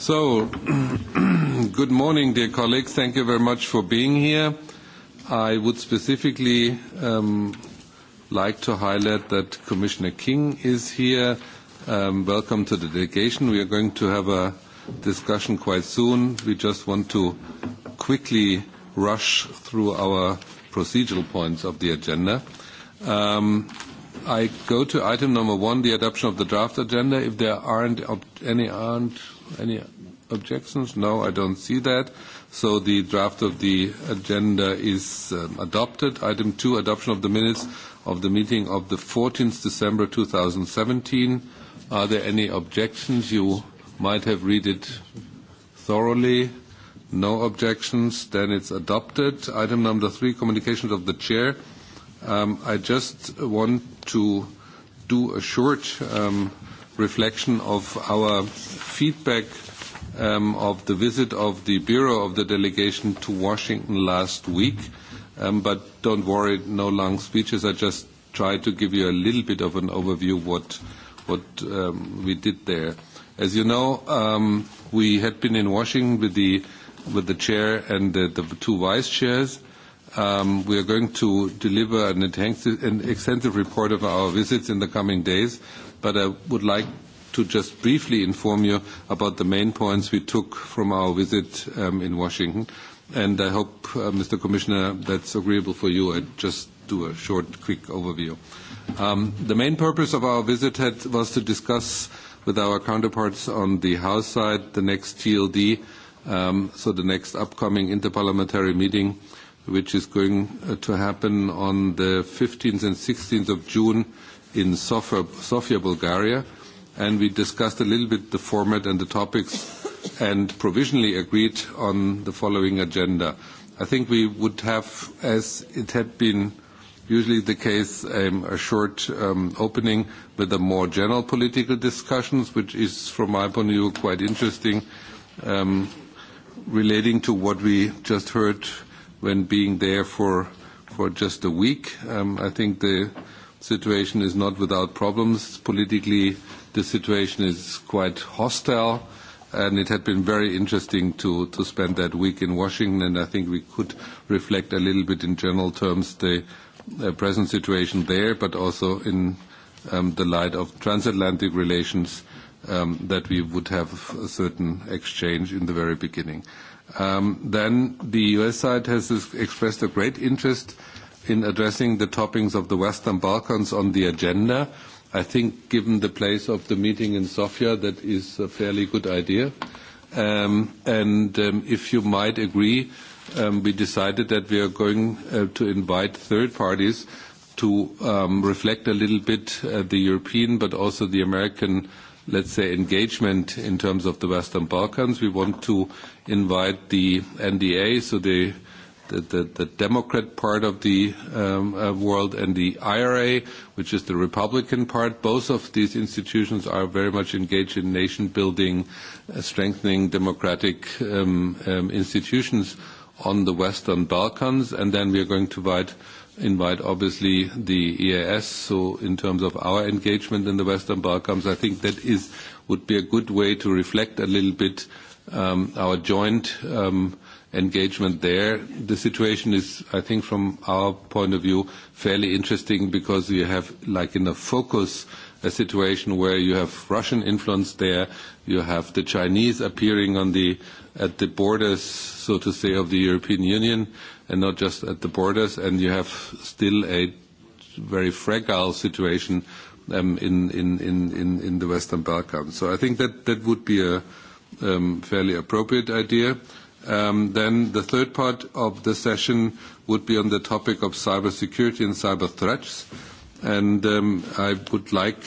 So, good morning, dear colleagues. Thank you very much for being here. I would specifically like to highlight that Commissioner King is here. Welcome to the delegation. We are going to have a discussion quite soon. We just want to quickly rush through our procedural points of the agenda. I go to item number one, the adoption of the draft agenda. If there aren't any aren't Any objections? No, I don't see that. So the draft of the agenda is adopted. Item 2, adoption of the minutes of the meeting of the 14th December 2017. Are there any objections? You might have read it thoroughly. No objections. Then it's adopted. Item number 3, communications of the chair. I just want to do a short reflection of our feedback of the visit of the Bureau of the delegation to Washington last week. But don't worry, no long speeches. I just try to give you a little bit of an overview what what we did there. As you know, we had been in Washington with the with the chair and the two vice chairs. We are going to deliver an extensive report of our visits in the coming days but I would like to just briefly inform you about the main points we took from our visit in Washington. And I hope, Mr. Commissioner, that's agreeable for you. I just do a short, quick overview. The main purpose of our visit was to discuss with our counterparts on the House side the next TLD, so the next upcoming interparliamentary meeting, which is going to happen on the 15th and 16th of June in Sofia, Bulgaria, and we discussed a little bit the format and the topics and provisionally agreed on the following agenda. I think we would have, as it had been usually the case, a short opening with a more general political discussions, which is, from my point of view, quite interesting, relating to what we just heard when being there for just a week. I think the situation is not without problems. Politically, the situation is quite hostile, and it had been very interesting to to spend that week in Washington, and I think we could reflect a little bit in general terms the present situation there, but also in the light of transatlantic relations that we would have a certain exchange in the very beginning. Then the U.S. side has expressed a great interest in addressing the toppings of the Western Balkans on the agenda. I think, given the place of the meeting in Sofia, that is a fairly good idea. And if you might agree, we decided that we are going to invite third parties to reflect a little bit the European but also the American, let's say, engagement in terms of the Western Balkans. We want to invite the NDA, so the the Democrat part of the world and the IRA, which is the Republican part. Both of these institutions are very much engaged in nation building, strengthening democratic institutions on the Western Balkans. And then we are going to invite, obviously, the EAS. So in terms of our engagement in the Western Balkans, I think that is would be a good way to reflect a little bit our joint engagement there. The situation is, I think, from our point of view, fairly interesting because you have, like in a focus, a situation where you have Russian influence there, you have the Chinese appearing on the at the borders, so to say, of the European Union, and not just at the borders, and you have still a very fragile situation in in in in the Western Balkans. So I think that that would be a fairly appropriate idea. Then the third part of the session would be on the topic of cybersecurity and cyber threats. And I would like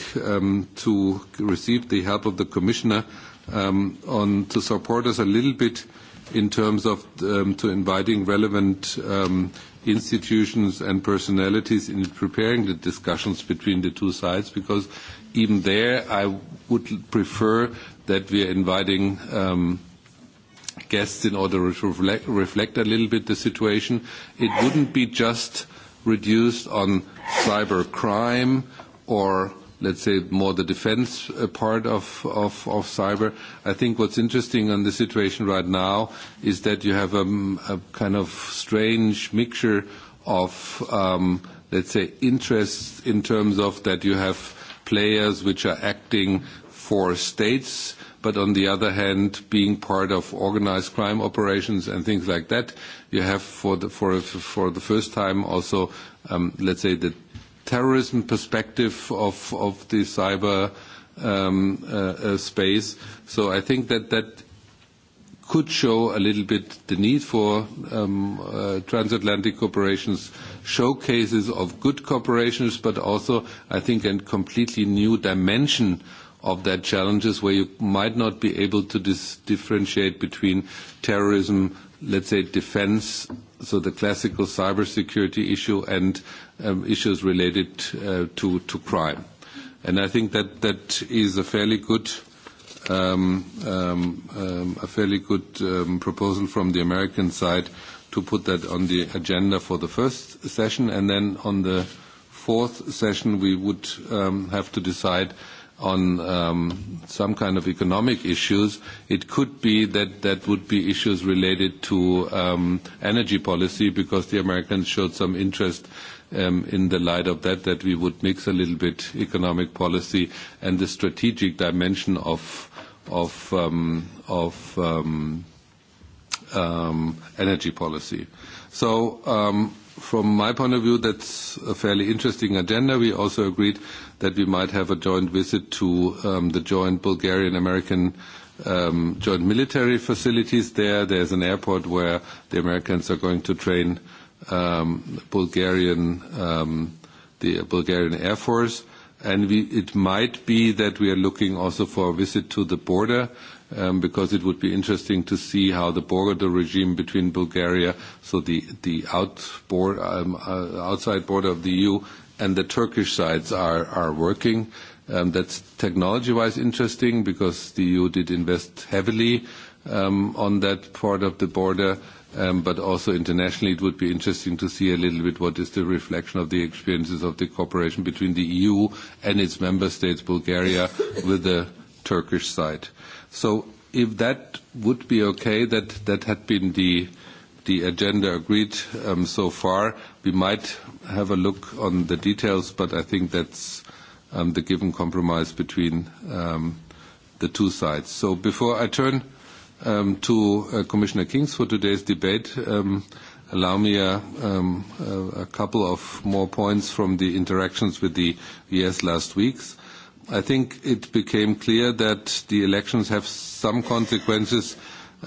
to receive the help of the Commissioner on to support us a little bit in terms of to inviting relevant institutions and personalities in preparing the discussions between the two sides, because even there I would prefer that we are inviting guests in order to reflect a little bit the situation. It wouldn't be just reduced on cyber crime or, let's say, more the defense part of cyber. I think what's interesting on the situation right now is that you have a kind of strange mixture of, let's say, interests in terms of that you have players which are acting for states, but on the other hand, being part of organized crime operations and things like that, you have for the first time also, let's say, the terrorism perspective of of the cyber space. So I think that that could show a little bit the need for transatlantic cooperations, showcases of good cooperations, but also, I think, a completely new dimension of that challenges where you might not be able to differentiate between terrorism, let's say defense, so the classical cybersecurity issue and issues related to crime. And I think that that is a fairly good a fairly good proposal from the American side to put that on the agenda for the first session and then on the fourth session we would have to decide on some kind of economic issues. It could be that that would be issues related to energy policy because the Americans showed some interest in the light of that, that we would mix a little bit economic policy and the strategic dimension of of of energy policy. So from my point of view, that's a fairly interesting agenda. We also agreed that we might have a joint visit to the joint Bulgarian-American joint military facilities there. There's an airport where the Americans are going to train Bulgarian the Bulgarian Air Force. And it might be that we are looking also for a visit to the border because it would be interesting to see how the border regime between Bulgaria, so the the out outside border of the EU, and the Turkish sides are working. That's technology-wise interesting because the EU did invest heavily on that part of the border, but also internationally it would be interesting to see a little bit what is the reflection of the experiences of the cooperation between the EU and its member states, Bulgaria, with the Turkish side. So if that would be okay, that had been the agenda agreed so far we might have a look on the details, but I think that's the given compromise between the two sides. So before I turn to Commissioner Kings for today's debate, allow me a couple of more points from the interactions with the US last week. I think it became clear that the elections have some consequences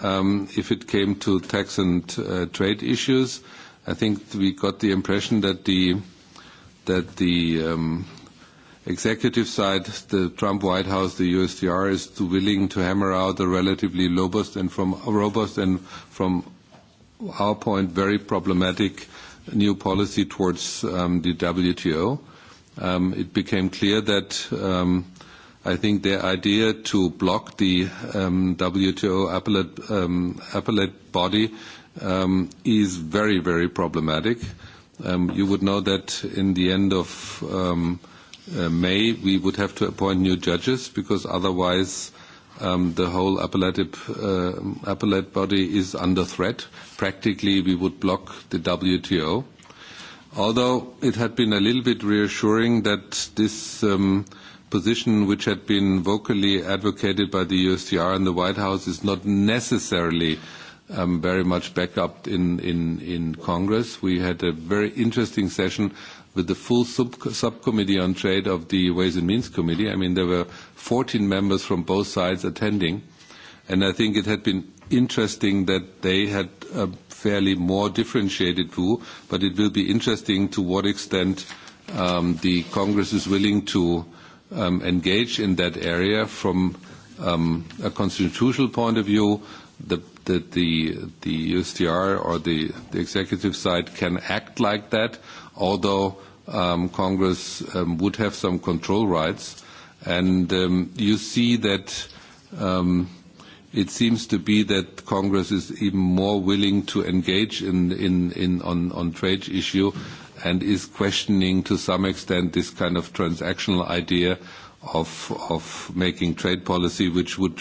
if it came to tax and trade issues. I think we got the impression that the that the executive side, the Trump White House, the USDR is too willing to hammer out a relatively robust and from robust and from our point very problematic new policy towards the WTO. It became clear that I think their idea to block the WTO appellate body is very, very problematic. You would know that in the end of May we would have to appoint new judges because otherwise the whole appellate body is under threat. Practically we would block the WTO. Although it had been a little bit reassuring that this position which had been vocally advocated by the USTR and the White House is not necessarily very much backed up in Congress. We had a very interesting session with the full subcommittee on trade of the Ways and Means Committee. I mean, there were 14 members from both sides attending, and I think it had been interesting that they had a fairly more differentiated view, but it will be interesting to what extent the Congress is willing to engage in that area from a constitutional point of view. The that the the USTR or the executive side can act like that, although Congress would have some control rights. And you see that it seems to be that Congress is even more willing to engage in in in on trade issue and is questioning to some extent this kind of transactional idea of of making trade policy which would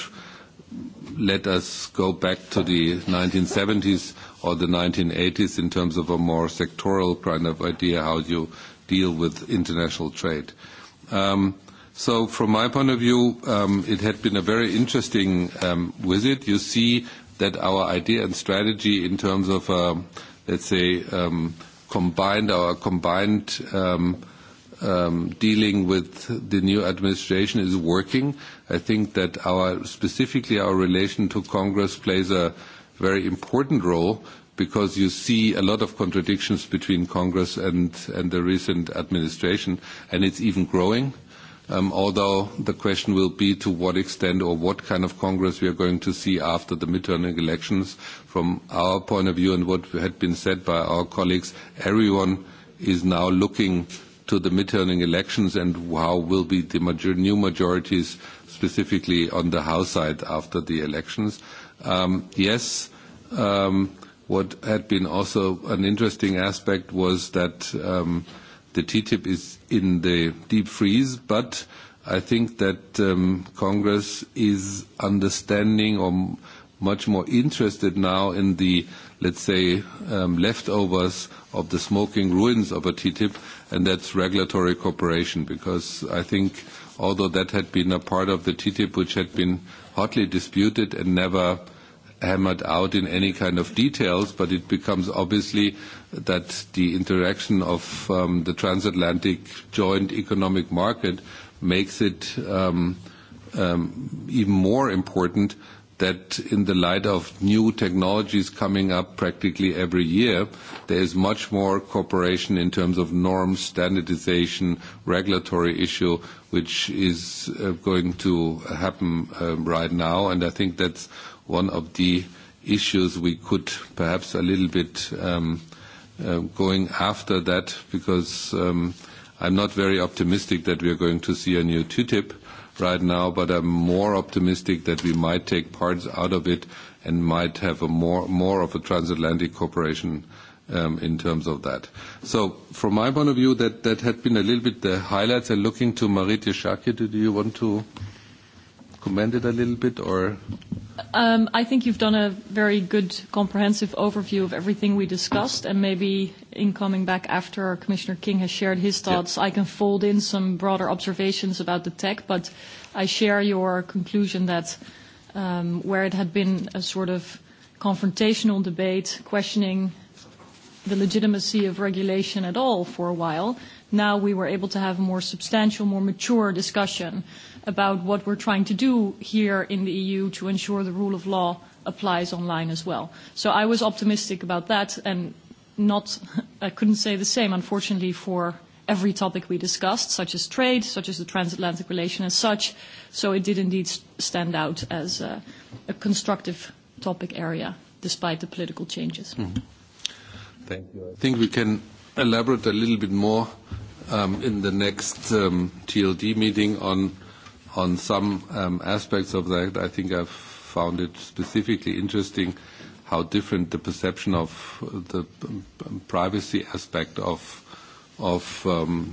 let us go back to the 1970s or the 1980s in terms of a more sectoral kind of idea how you deal with international trade. So from my point of view, it had been a very interesting visit. You see that our idea and strategy in terms of, let's say, combined our combined dealing with the new administration is working. I think that our specifically our relation to Congress plays a very important role because you see a lot of contradictions between Congress and the recent administration, and it's even growing, although the question will be to what extent or what kind of Congress we are going to see after the midterm elections. From our point of view and what had been said by our colleagues, everyone is now looking to the midterm elections and how will be the new majorities specifically on the House side after the elections. Yes, what had been also an interesting aspect was that the TTIP is in the deep freeze, but I think that Congress is understanding or much more interested now in the, let's say, leftovers of the smoking ruins of a TTIP, and that's regulatory cooperation, because I think although that had been a part of the TTIP which had been hotly disputed and never hammered out in any kind of details, but it becomes obviously that the interaction of the transatlantic joint economic market makes it even more important that in the light of new technologies coming up practically every year, there is much more cooperation in terms of norms, standardization, regulatory issue, which is going to happen right now. And I think that's one of the issues we could perhaps a little bit going after that, because I'm not very optimistic that we are going to see a new TTIP right now, but I'm more optimistic that we might take parts out of it and might have a more more of a transatlantic cooperation in terms of that. So from my point of view, that that had been a little bit the highlights. And looking to Maritia Schake do you want to comment it a little bit or? I think you've done a very good comprehensive overview of everything we discussed, and maybe in coming back after Commissioner King has shared his thoughts, I can fold in some broader observations about the tech, but I share your conclusion that where it had been a sort of confrontational debate, questioning the legitimacy of regulation at all for a while. Now we were able to have a more substantial, more mature discussion about what we're trying to do here in the EU to ensure the rule of law applies online as well. So I was optimistic about that and not, I couldn't say the same, unfortunately, for every topic we discussed, such as trade, such as the transatlantic relation as such. So it did indeed stand out as a constructive topic area despite the political changes. Thank you. I think we can elaborate a little bit more in the next TLD meeting on on some aspects of that. I think I've found it specifically interesting how different the perception of the privacy aspect of of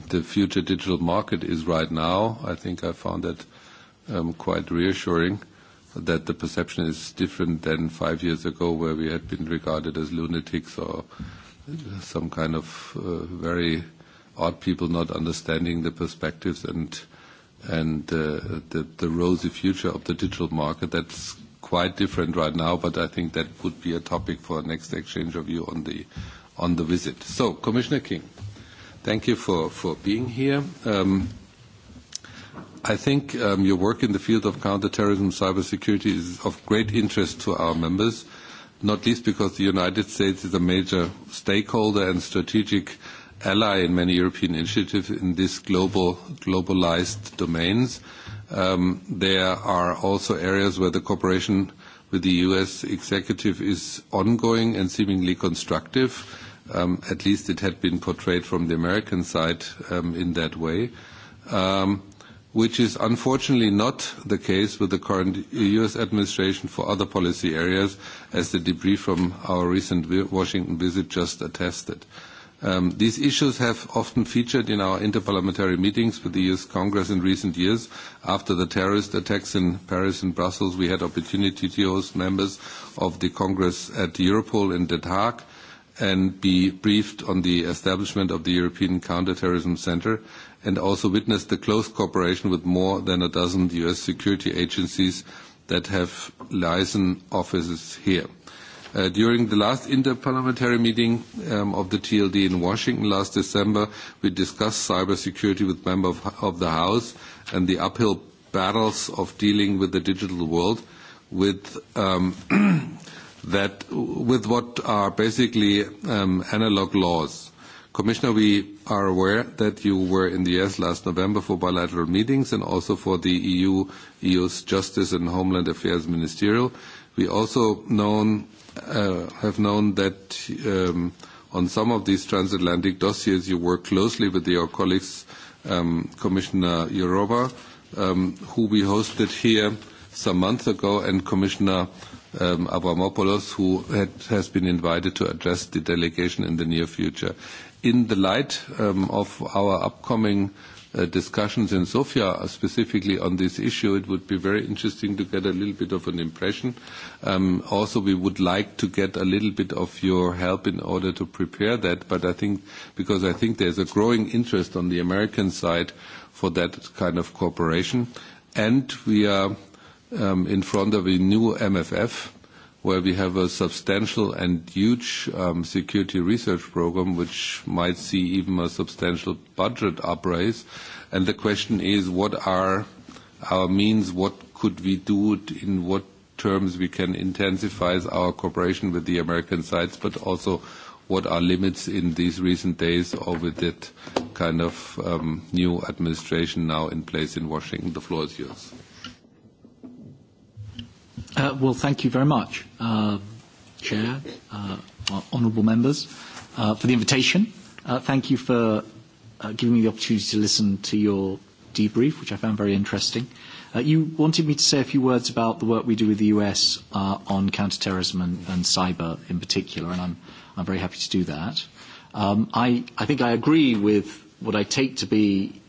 the future digital market is right now. I think I found that quite reassuring that the perception is different than five years ago where we had been regarded as lunatics or some kind of very odd people not understanding the perspectives and and the the rosy future of the digital market. That's quite different right now, but I think that would be a topic for next exchange of view on the on the visit. So, Commissioner King, thank you for for being here. I think your work in the field of counterterrorism cybersecurity is of great interest to our members not least because the United States is a major stakeholder and strategic ally in many European initiatives in these globalized domains. There are also areas where the cooperation with the U.S. executive is ongoing and seemingly constructive. At least it had been portrayed from the American side in that way which is unfortunately not the case with the current U.S. administration for other policy areas, as the debrief from our recent Washington visit just attested. These issues have often featured in our interparliamentary meetings with the U.S. Congress in recent years. After the terrorist attacks in Paris and Brussels, we had opportunity to host members of the Congress at Europol in Den Haag and be briefed on the establishment of the European Counterterrorism Center and also witnessed the close cooperation with more than a dozen U.S. security agencies that have liaison offices here. During the last interparliamentary meeting of the TLD in Washington last December, we discussed cybersecurity with members of the House and the uphill battles of dealing with the digital world, with with what are basically analog laws. Commissioner, we are aware that you were in the U.S. last November for bilateral meetings and also for the EU, EU's Justice and Homeland Affairs Ministerial. We also have known that on some of these transatlantic dossiers you work closely with your colleagues, Commissioner Jourova, who we hosted here some months ago, and Commissioner Avramopoulos, who has been invited to address the delegation in the near future in the light of our upcoming discussions in Sofia specifically on this issue, it would be very interesting to get a little bit of an impression. Also, we would like to get a little bit of your help in order to prepare that, but I think because I think there's a growing interest on the American side for that kind of cooperation. And we are in front of a new MFF where we have a substantial and huge security research program, which might see even a substantial budget upraise. And the question is, what are our means? What could we do? In what terms we can intensify our cooperation with the American sides, but also what are limits in these recent days or with that kind of new administration now in place in Washington? The floor is yours. Well, thank you very much, Chair, honourable members, for the invitation. Thank you for giving me the opportunity to listen to your debrief, which I found very interesting. You wanted me to say a few words about the work we do with the US on counterterrorism and cyber in particular, and I'm very happy to do that. I think I agree with what I take to be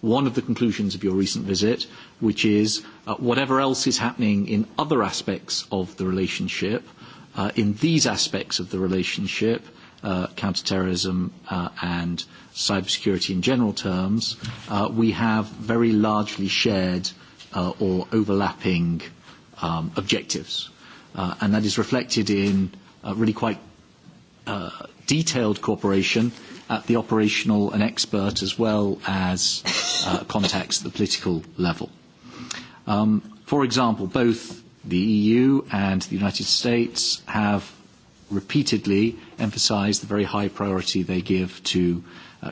one of the conclusions of your recent visit, which is whatever else is happening in other aspects of the relationship, in these aspects of the relationship, counter counterterrorism and cybersecurity in general terms, we have very largely shared or overlapping objectives. And that is reflected in really quite detailed cooperation at the operational and expert as well as contacts at the political level. For example, both the EU and the United States have repeatedly emphasised the very high priority they give to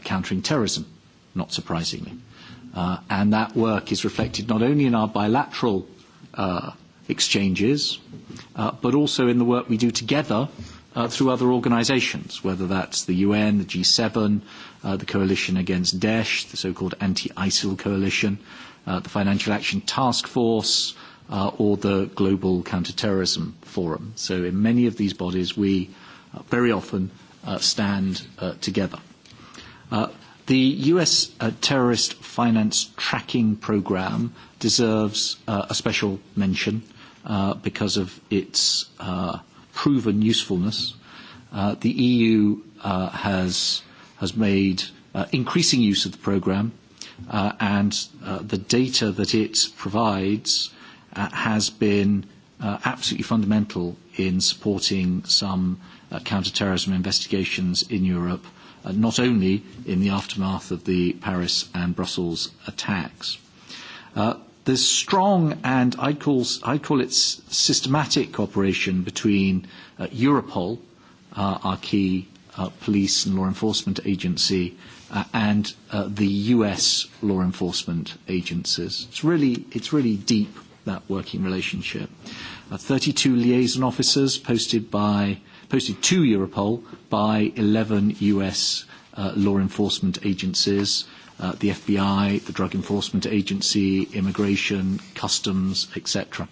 countering terrorism, not surprisingly. And that work is reflected not only in our bilateral exchanges, but also in the work we do together through other organisations, whether that's the UN, the G7, the Coalition Against Daesh, the so-called Anti-ISIL Coalition, the Financial Action Task Force, or the Global Counterterrorism Forum. So in many of these bodies, we very often stand together. The US terrorist finance tracking program deserves a special mention because of its proven usefulness. The EU has made increasing use of the programme and the data that it provides has been absolutely fundamental in supporting some counter-terrorism investigations in Europe, not only in the aftermath of the Paris and Brussels attacks. There's strong and I call it systematic cooperation between Europol, our key police and law enforcement agency, and the US law enforcement agencies. It's really deep, that working relationship. 32 liaison officers posted by posted to Europol by 11 US law enforcement agencies the FBI, the Drug Enforcement Agency, immigration, customs, etc.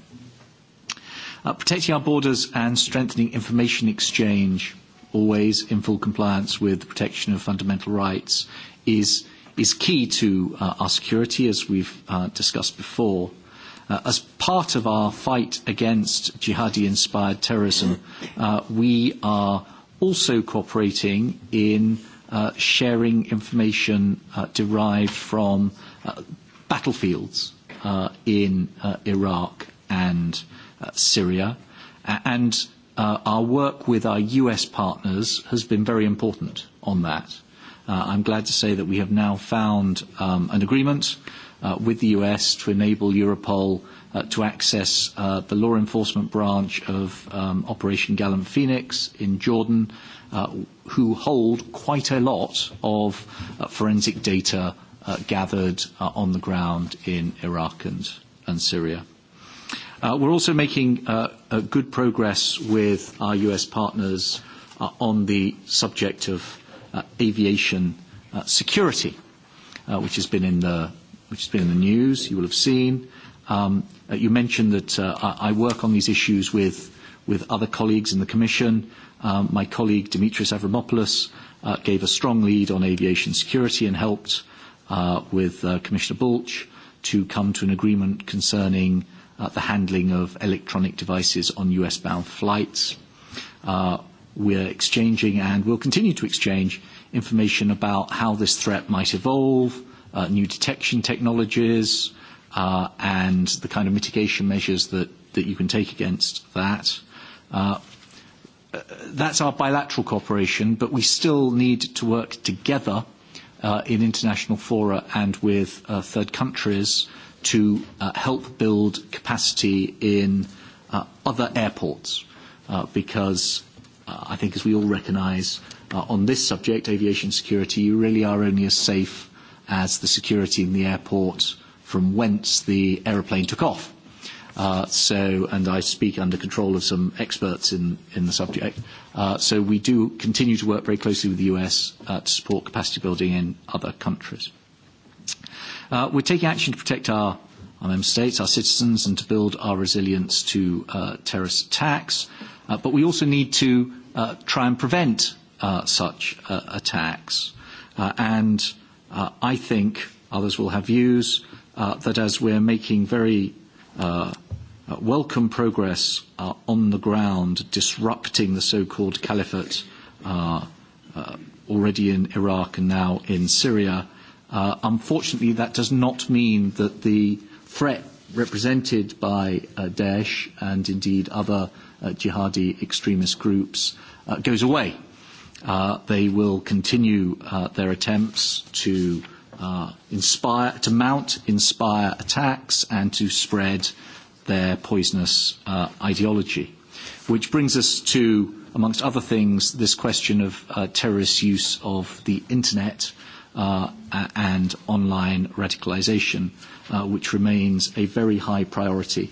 Protecting our borders and strengthening information exchange, always in full compliance with the protection of fundamental rights, is key to our security, as we've discussed before. As part of our fight against jihadi-inspired terrorism, we are also cooperating in sharing information derived from battlefields in Iraq and Syria. And our work with our US partners has been very important on that. I'm glad to say that we have now found an agreement with the US to enable Europol to access the law enforcement branch of Operation Gallant Phoenix in Jordan who hold quite a lot of forensic data gathered on the ground in Iraq and Syria. We're also making good progress with our US partners on the subject of aviation security, which has been in the news, you will have seen. You mentioned that I work on these issues with with other colleagues in the Commission. My colleague Dimitris Avramopoulos gave a strong lead on aviation security and helped with Commissioner Bulch to come to an agreement concerning the handling of electronic devices on US-bound flights. We are exchanging and will continue to exchange information about how this threat might evolve, new detection technologies, and the kind of mitigation measures that you can take against that. That's our bilateral cooperation, but we still need to work together in international fora and with third countries to help build capacity in other airports, because I think, as we all recognise, on this subject, aviation security, you really are only as safe as the security in the airport from whence the aeroplane took off so and I speak under control of some experts in in the subject. So we do continue to work very closely with the US to support capacity building in other countries. We're taking action to protect our our member states, our citizens, and to build our resilience to terrorist attacks. But we also need to try and prevent such attacks. And I think others will have views that as we're making very welcome progress on the ground disrupting the so-called caliphate already in Iraq and now in Syria. Unfortunately, that does not mean that the threat represented by Daesh and indeed other jihadi extremist groups goes away. They will continue their attempts to inspire to mount, inspire attacks and to spread their poisonous ideology. Which brings us to, amongst other things, this question of terrorist use of the internet and online radicalisation, which remains a very high priority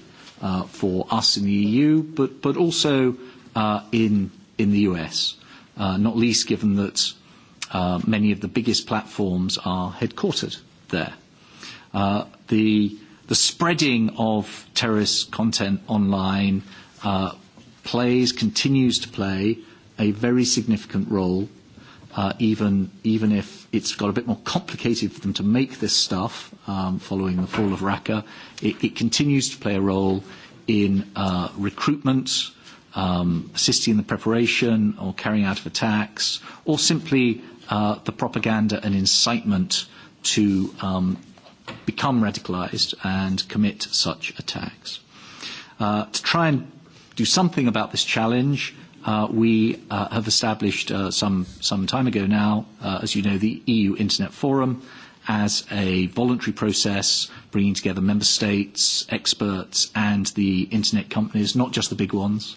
for us in the EU, but also in the US, not least given that Many of the biggest platforms are headquartered there. The spreading of terrorist content online plays, continues to play, a very significant role, even if it's got a bit more complicated for them to make this stuff following the fall of Raqqa. It continues to play a role in recruitment assisting in the preparation or carrying out of attacks, or simply the propaganda and incitement to become radicalized and commit such attacks. To try and do something about this challenge, we have established some time ago now, as you know, the EU Internet Forum as a voluntary process, bringing together member states, experts, and the internet companies, not just the big ones,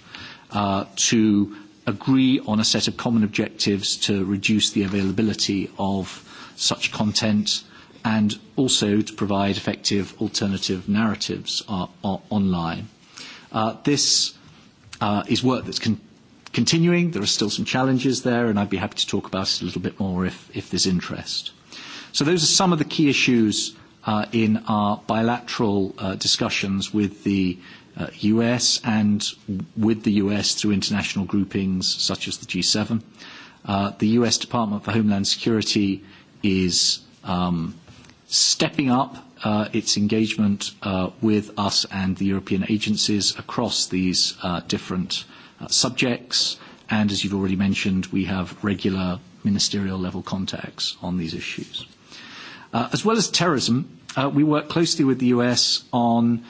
to agree on a set of common objectives to reduce the availability of such content and also to provide effective alternative narratives online. This is work that's continuing. There are still some challenges there, and I'd be happy to talk about it a little bit more if there's interest. So those are some of the key issues in our bilateral discussions with the US and with the US through international groupings such as the G7. The US Department for Homeland Security is stepping up its engagement with us and the European agencies across these different subjects. And as you've already mentioned, we have regular ministerial level contacts on these issues. As well as terrorism, we work closely with the US on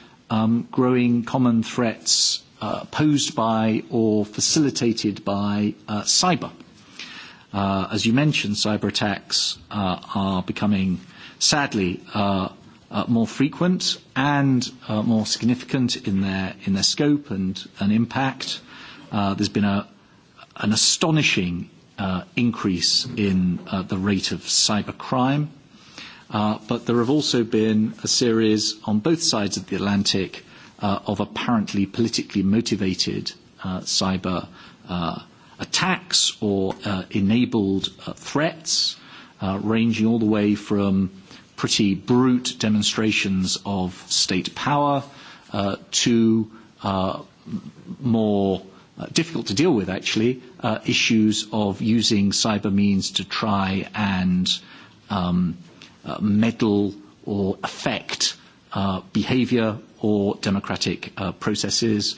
growing common threats posed by or facilitated by cyber. As you mentioned, cyber attacks are becoming, sadly, more frequent and more significant in their in their scope and impact. There's been an astonishing increase in the rate of crime but there have also been a series on both sides of the Atlantic of apparently politically motivated cyber attacks or enabled threats, ranging all the way from pretty brute demonstrations of state power to more difficult to deal with, actually, issues of using cyber means to try and meddle or affect behaviour or democratic processes,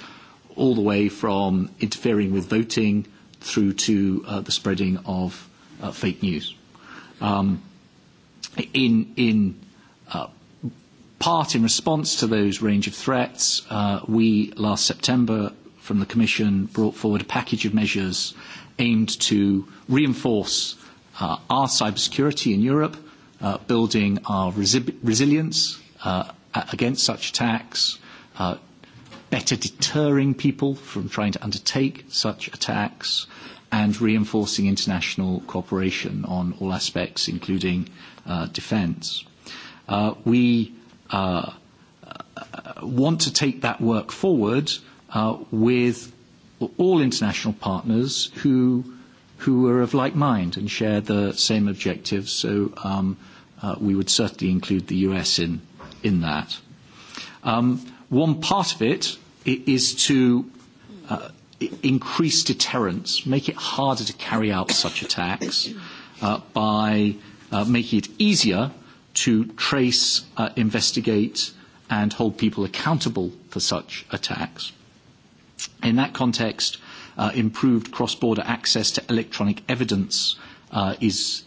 all the way from interfering with voting through to the spreading of fake news. In part in response to those range of threats, we last September from the Commission brought forward a package of measures aimed to reinforce our cybersecurity in Europe building our resilience against such attacks, better deterring people from trying to undertake such attacks, and reinforcing international cooperation on all aspects, including defence. We want to take that work forward with all international partners who who are of like mind and share the same objectives. So we would certainly include the US in in that. One part of it is to increase deterrence, make it harder to carry out such attacks by making it easier to trace, investigate and hold people accountable for such attacks. In that context, improved cross-border access to electronic evidence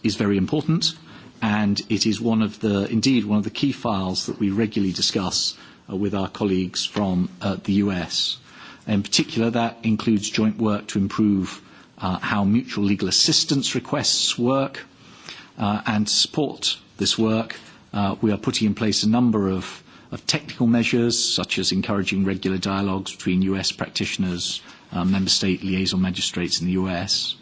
is very important and it is one of the, indeed, one of the key files that we regularly discuss with our colleagues from the US. In particular, that includes joint work to improve how mutual legal assistance requests work and to support this work. We are putting in place a number of technical measures, such as encouraging regular dialogues between US practitioners, member state liaison magistrates in the US.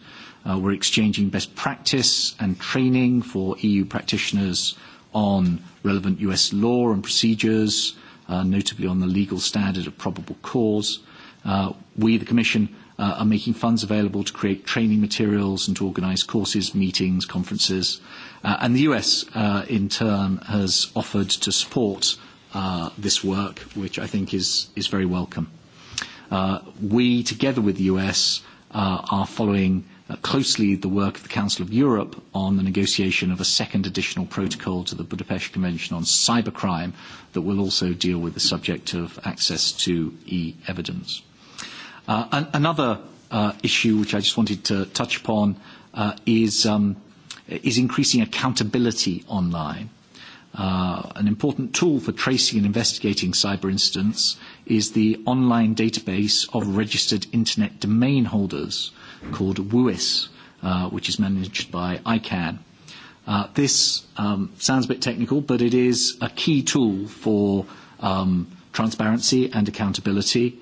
We're exchanging best practice and training for EU practitioners on relevant US law and procedures, notably on the legal standard of probable cause. We, the Commission, are making funds available to create training materials and to organise courses, meetings, conferences. And the US, in turn, has offered to support this work, which I think is very welcome. We, together with the US, are following closely the work of the Council of Europe on the negotiation of a second additional protocol to the Budapest Convention on Cybercrime that will also deal with the subject of access to e-evidence. Another issue which I just wanted to touch upon is increasing accountability online. An important tool for tracing and investigating cyber incidents is the online database of registered internet domain holders called WUIS, which is managed by ICANN. This sounds a bit technical, but it is a key tool for transparency and accountability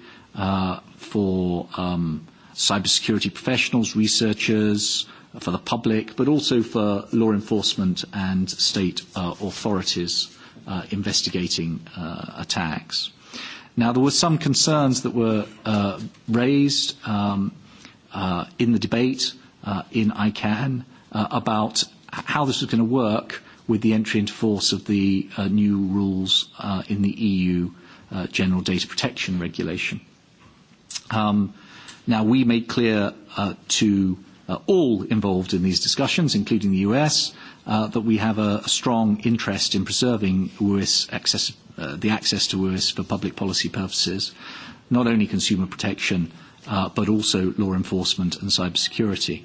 for cybersecurity professionals, researchers, for the public, but also for law enforcement and state authorities investigating attacks. Now, there were some concerns that were raised in the debate in ICANN about how this was going to work with the entry into force of the new rules in the EU General Data Protection Regulation. Now, we made clear to all involved in these discussions, including the US, that we have a strong interest in preserving the access to US for public policy purposes, not only consumer protection, but also law enforcement and cybersecurity.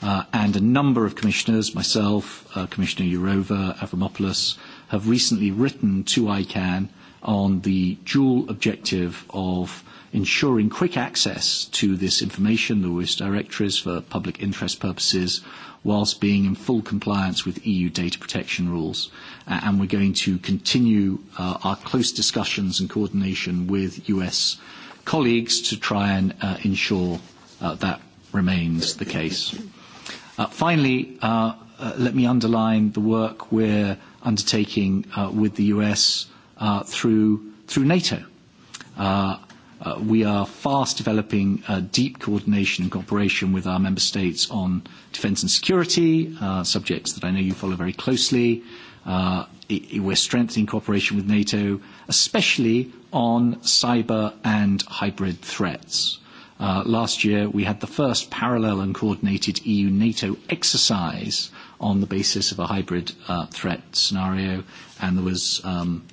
And a number of commissioners, myself, Commissioner Jourova, Avramopoulos, have recently written to ICANN on the dual objective of ensuring quick access to this information, the WIS directories for public interest purposes, whilst being in full compliance with EU data protection rules. And we're going to continue our close discussions and coordination with US colleagues to try and ensure that remains the case. Finally, let me underline the work we're undertaking with the US through NATO We are fast developing deep coordination and cooperation with our member states on defence and security, subjects that I know you follow very closely. We're strengthening cooperation with NATO, especially on cyber and hybrid threats. Last year, we had the first parallel and coordinated EU-NATO exercise on the basis of a hybrid threat scenario, and there was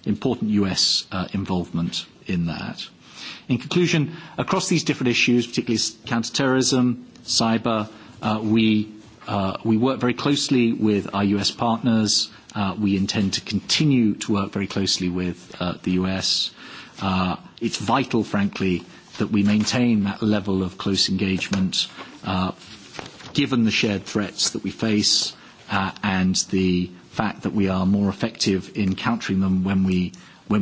important US involvement in that. In conclusion, across these different issues, particularly counterterrorism, cyber, we we work very closely with our US partners. We intend to continue to work very closely with the US. It's vital, frankly, that we maintain that level of close engagement, given the shared threats that we face and the fact that we are more effective in countering them when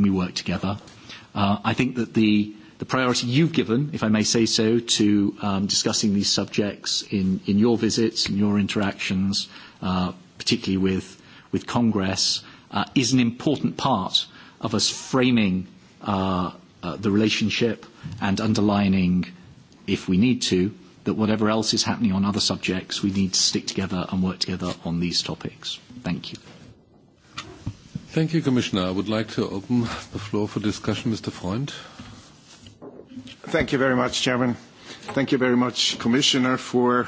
we work together. I think that the the priority you've given, if I may say so, to discussing these subjects in your visits and your interactions, particularly with Congress, is an important part of us framing the relationship and underlining, if we need to, that whatever else is happening on other subjects, we need to stick together and work together on these topics. Thank you. Thank you, Commissioner. I would like to open the floor for discussion. Mr. Freund. Thank you very much, Chairman. Thank you very much, Commissioner, for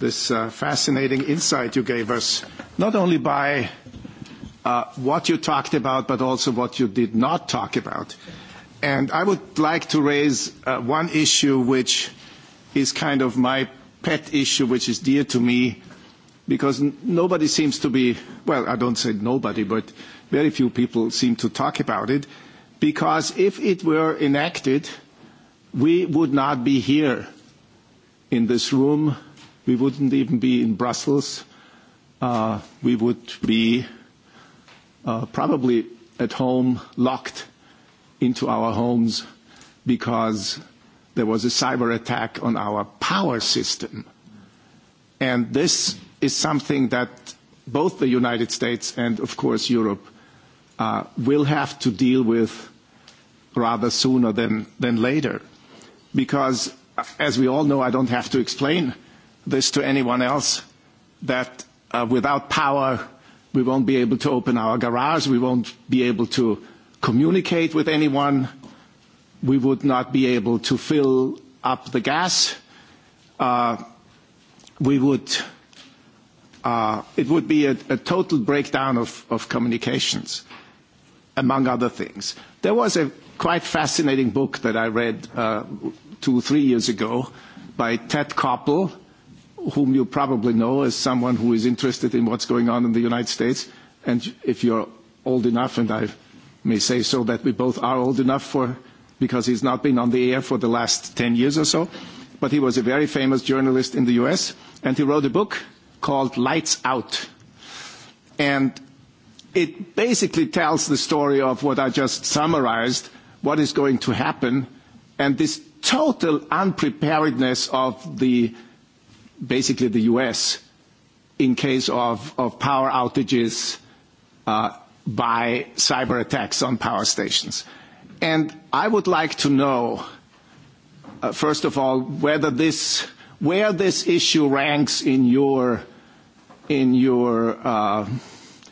this fascinating insight you gave us, not only by what you talked about, but also what you did not talk about. And I would like to raise one issue which is kind of my pet issue, which is dear to me, because nobody seems to be, well, I don't say nobody, but very few people seem to talk about it, because if it were enacted, we would not be here in this room. We wouldn't even be in Brussels. We would be probably at home, locked into our homes because there was a cyber attack on our power system. And this is something that both the United States and, of course, Europe will have to deal with rather sooner than later because, as we all know, I don't have to explain this to anyone else, that without power we won't be able to open our garage, we won't be able to communicate with anyone, we would not be able to fill up the gas, we would it would be a total breakdown of communications, among other things. There was a quite fascinating book that I read two, three years ago by Ted Koppel, whom you probably know as someone who is interested in what's going on in the United States. And if you're old enough, and I may say so that we both are old enough for, because he's not been on the air for the last 10 years or so, but he was a very famous journalist in the U.S., and he wrote a book called Lights Out. And it basically tells the story of what I just summarized, what is going to happen, and this total unpreparedness of the basically the US in case of of power outages by cyber attacks on power stations. And I would like to know first of all whether this where this issue ranks in your in your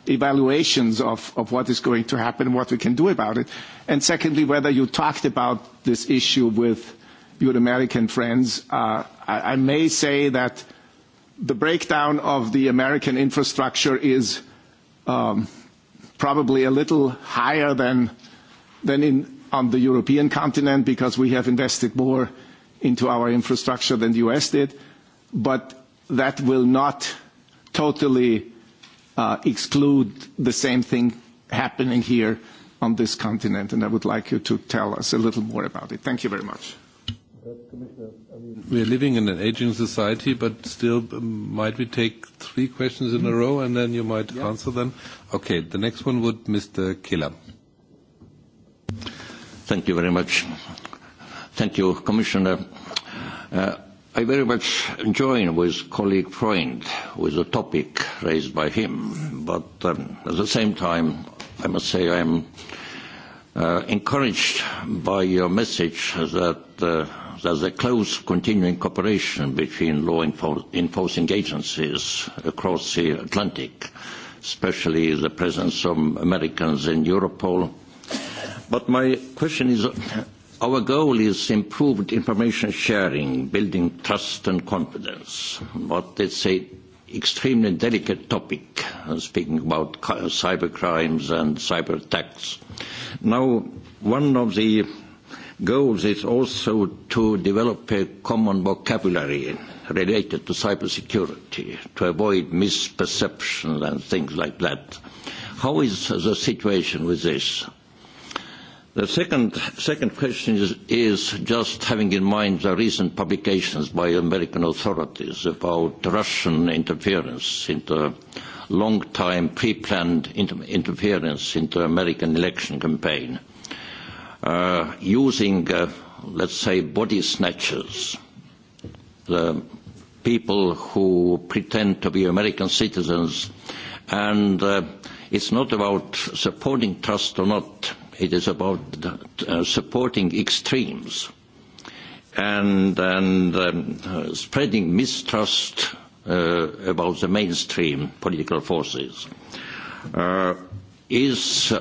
evaluations of of what is going to happen and what we can do about it. And secondly, whether you talked about this issue with your American friends, I may say that the breakdown of the American infrastructure is probably a little higher than on the European continent because we have invested more into our infrastructure than the U.S. did, but that will not totally exclude the same thing happening here on this continent, and I would like you to tell us a little more about it. Thank you very much. We are living in an aging society, but still, might we take three questions in a row, and then you might answer them? Okay, the next one would Mr. Killer. Thank you very much. Thank you, Commissioner. I very much join with colleague Freund with the topic raised by him, but at the same time, I must say I am encouraged by your message that that a close continuing cooperation between law enforcing agencies across the Atlantic, especially the presence of Americans in Europol. But my question is, our goal is improved information sharing, building trust and confidence. But it's an extremely delicate topic, speaking about cyber crimes and cyber attacks. Now, one of the goals is also to develop a common vocabulary related to cybersecurity, to avoid misperceptions and things like that. How is the situation with this? The second second question is just having in mind the recent publications by American authorities about Russian interference into long time pre planned interference into American election campaign using, let's say, body snatchers, the people who pretend to be American citizens, and it's not about supporting trust or not. It is about supporting extremes and spreading mistrust about the mainstream political forces. Is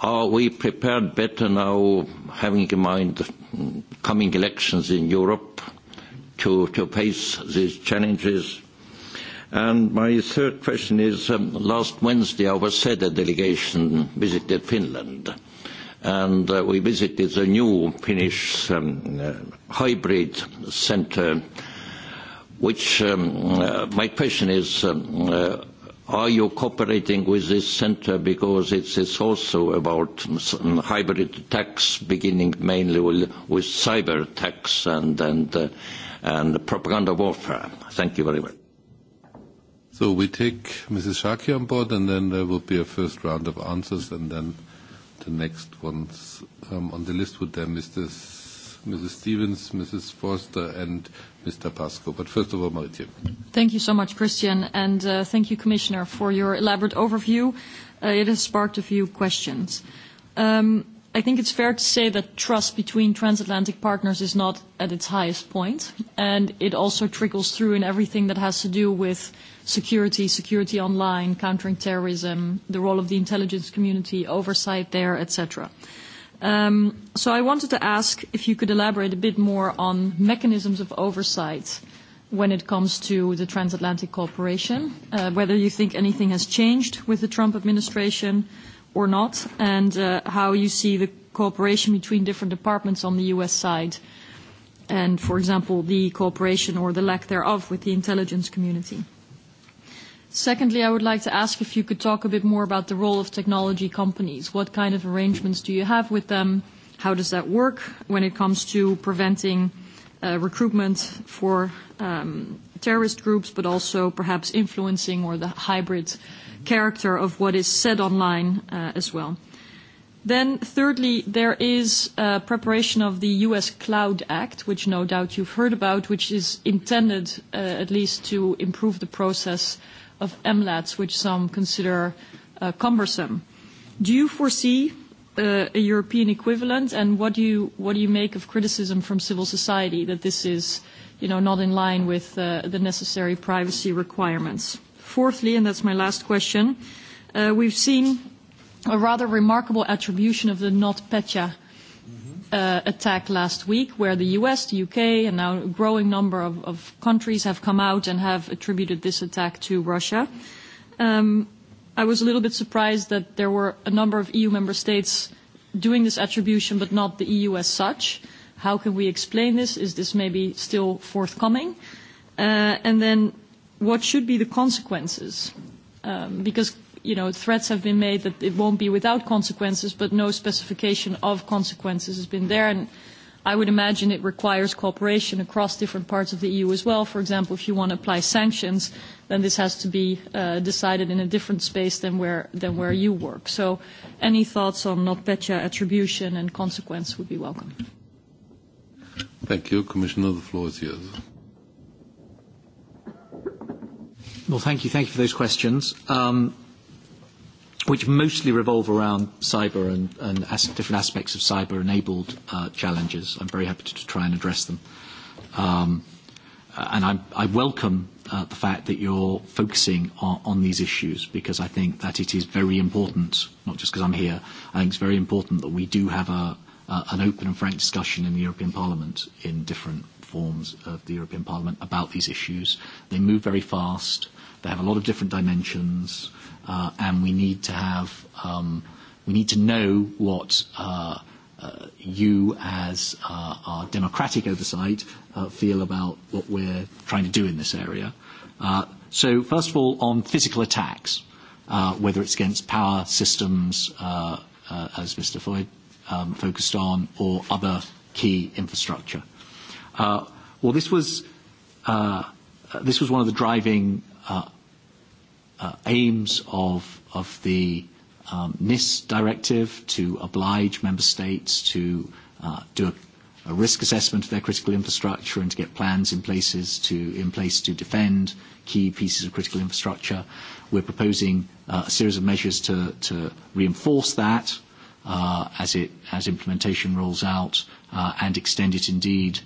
Are we prepared better now, having in mind the coming elections in Europe, to face these challenges? And my third question is, last Wednesday our SEDA delegation visited Finland, and we visited the new Finnish hybrid center, which my question is Are you cooperating with this centre because it is also about hybrid attacks, beginning mainly with cyber attacks and and propaganda warfare? Thank you very much. So we take Mrs. Sharkey on board, and then there will be a first round of answers, and then the next ones on the list would then Mr. Mrs. Stevens, Mrs. Forster, and Mr. Pasco. But first of all, Maritje. Thank you so much, Christian, and thank you, Commissioner, for your elaborate overview. It has sparked a few questions. I think it's fair to say that trust between transatlantic partners is not at its highest point, and it also trickles through in everything that has to do with security, security online, countering terrorism, the role of the intelligence community, oversight there, etc. So I wanted to ask if you could elaborate a bit more on mechanisms of oversight when it comes to the transatlantic cooperation, whether you think anything has changed with the Trump administration or not, and how you see the cooperation between different departments on the U.S. side and, for example, the cooperation or the lack thereof with the intelligence community. Secondly, I would like to ask if you could talk a bit more about the role of technology companies. What kind of arrangements do you have with them? How does that work when it comes to preventing recruitment for terrorist groups, but also perhaps influencing or the hybrid character of what is said online as well? Then, thirdly, there is preparation of the U.S. Cloud Act, which no doubt you've heard about, which is intended at least to improve the process of MLATs, which some consider cumbersome. Do you foresee a European equivalent, and what do you make of criticism from civil society that this is not in line with the necessary privacy requirements? Fourthly, and that's my last question, we've seen a rather remarkable attribution of the NotPetya attack last week where the US, the UK, and now a growing number of countries have come out and have attributed this attack to Russia. I was a little bit surprised that there were a number of EU member states doing this attribution but not the EU as such. How can we explain this? Is this maybe still forthcoming? And then what should be the consequences? Because you know, threats have been made that it won't be without consequences, but no specification of consequences has been there. And I would imagine it requires cooperation across different parts of the EU as well. For example, if you want to apply sanctions, then this has to be decided in a different space than where than where you work. So, any thoughts on NotPetya attribution and consequence would be welcome. Thank you, Commissioner. The floor is yours. Well, thank you. Thank you for those questions. Um, which mostly revolve around cyber and different aspects of cyber-enabled challenges. I'm very happy to try and address them. And I welcome the fact that you're focusing on these issues because I think that it is very important, not just because I'm here, I think it's very important that we do have an open and frank discussion in the European Parliament in different forms of the European Parliament about these issues. They move very fast. They have a lot of different dimensions and we need to have we need to know what you as our democratic oversight feel about what we're trying to do in this area. So first of all on physical attacks, whether it's against power systems as Mr Foyd focused on or other key infrastructure. Well this was this was one of the driving aims of the NIS directive to oblige member states to do a risk assessment of their critical infrastructure and to get plans in places to in place to defend key pieces of critical infrastructure. We're proposing a series of measures to to reinforce that as it as implementation rolls out and extend it indeed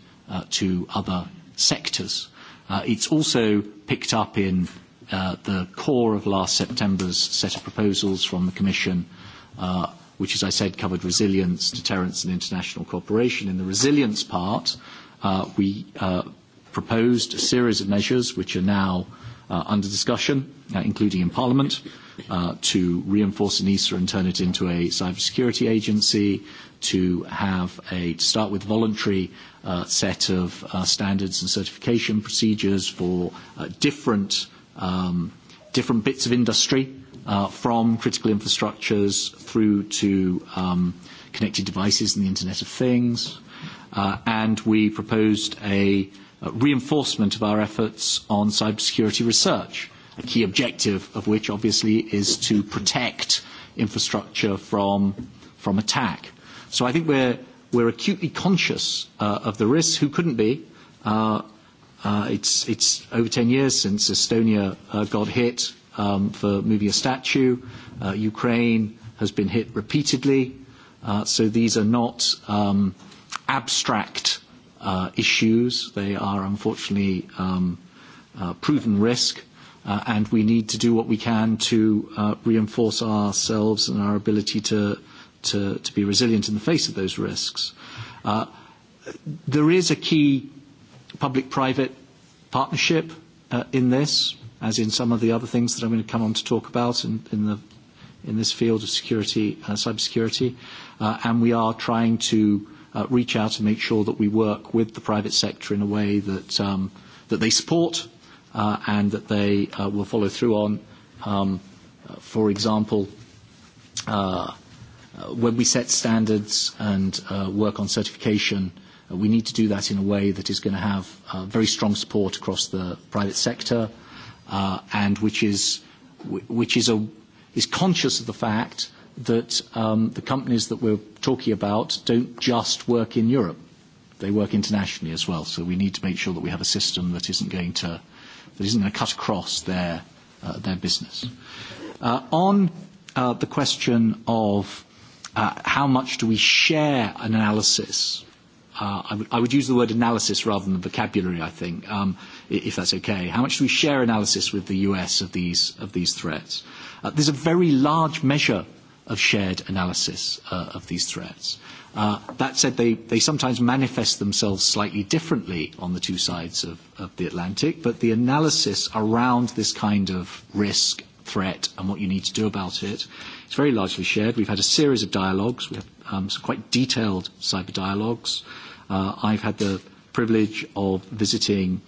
to other sectors. It's also picked up in the core of last September's set of proposals from the Commission, which, as I said, covered resilience, deterrence and international cooperation. In the resilience part, we proposed a series of measures which are now under discussion, including in Parliament, to reinforce ANISA and turn it into a cybersecurity agency, to have a start with voluntary set of standards and certification procedures for different different bits of industry, from critical infrastructures through to connected devices and the Internet of Things. And we proposed a reinforcement of our efforts on cybersecurity research, a key objective of which, obviously, is to protect infrastructure from from attack. So I think we're acutely conscious of the risks, who couldn't be, It's it's over 10 years since Estonia got hit for moving a statue. Ukraine has been hit repeatedly. So these are not abstract issues. They are unfortunately proven risk, and we need to do what we can to reinforce ourselves and our ability to to be resilient in the face of those risks. There is a key public-private partnership in this, as in some of the other things that I'm going to come on to talk about in the in this field of security, cybersecurity, and we are trying to reach out and make sure that we work with the private sector in a way that they support and that they will follow through on. For example, when we set standards and work on certification, We need to do that in a way that is going to have very strong support across the private sector and which is conscious of the fact that the companies that we're talking about don't just work in Europe. They work internationally as well. So we need to make sure that we have a system that isn't going to cut across their business. On the question of how much do we share an analysis I would use the word analysis rather than vocabulary, I think, if that's okay. How much do we share analysis with the US of these of these threats? There's a very large measure of shared analysis of these threats. That said, they sometimes manifest themselves slightly differently on the two sides of the Atlantic, but the analysis around this kind of risk threat and what you need to do about it. It's very largely shared. We've had a series of dialogues. We have some quite detailed cyber dialogues. I've had the privilege of visiting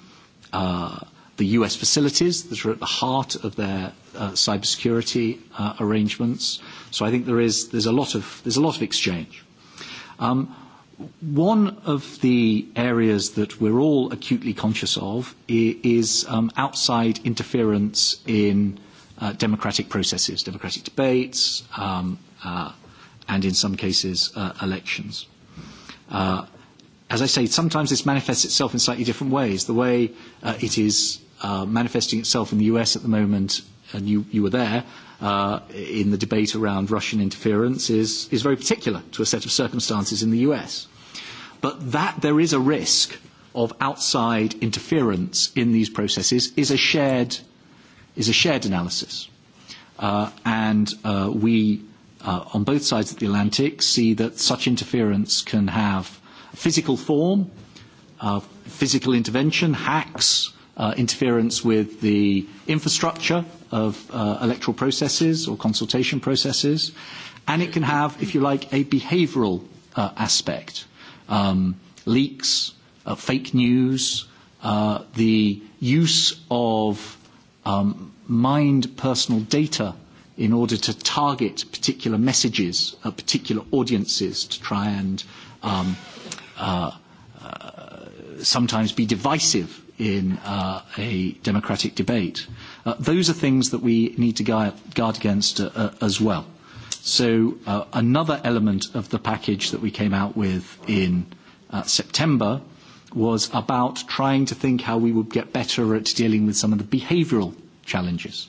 the US facilities that are at the heart of their cybersecurity arrangements. So I think there is there's a lot of there's a lot of exchange. One of the areas that we're all acutely conscious of is outside interference in democratic processes, democratic debates, and in some cases elections. As I say, sometimes this manifests itself in slightly different ways. The way it is manifesting itself in the US at the moment, and you were there, in the debate around Russian interference is very particular to a set of circumstances in the US. But that there is a risk of outside interference in these processes is a shared is a shared analysis. And we, on both sides of the Atlantic, see that such interference can have physical form, physical intervention, hacks, interference with the infrastructure of electoral processes or consultation processes, and it can have, if you like, a behavioral aspect. Leaks, fake news, the use of Mind personal data in order to target particular messages at particular audiences to try and sometimes be divisive in a democratic debate. Those are things that we need to guard against as well. So another element of the package that we came out with in September was about trying to think how we would get better at dealing with some of the behavioural challenges.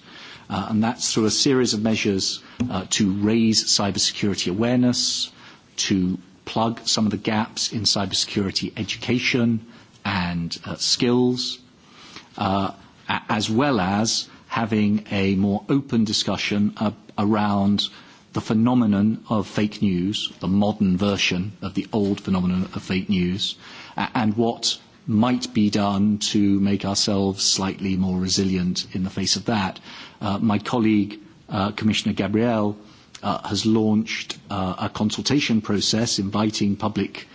And that's through a series of measures to raise cybersecurity awareness, to plug some of the gaps in cybersecurity education and skills, as well as having a more open discussion around the phenomenon of fake news, the modern version of the old phenomenon of fake news, and what might be done to make ourselves slightly more resilient in the face of that. My colleague, Commissioner Gabriel, has launched a consultation process inviting public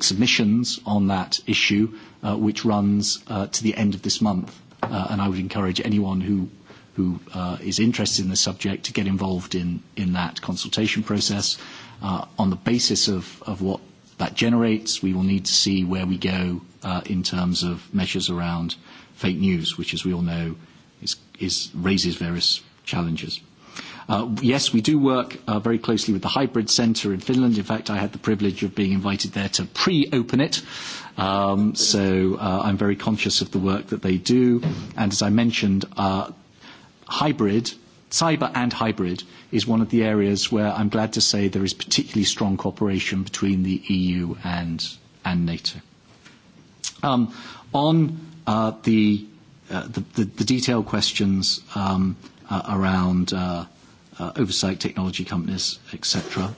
submissions on that issue, which runs to the end of this month. And I would encourage anyone who who is interested in the subject to get involved in that consultation process on the basis of what that generates. We will need to see where we go in terms of measures around fake news, which, as we all know, raises various challenges. Yes, we do work very closely with the Hybrid Centre in Finland. In fact, I had the privilege of being invited there to pre-open it. So I'm very conscious of the work that they do. And as I mentioned, hybrid cyber and hybrid is one of the areas where I'm glad to say there is particularly strong cooperation between the EU and NATO. On the detailed questions around oversight technology companies, etc.,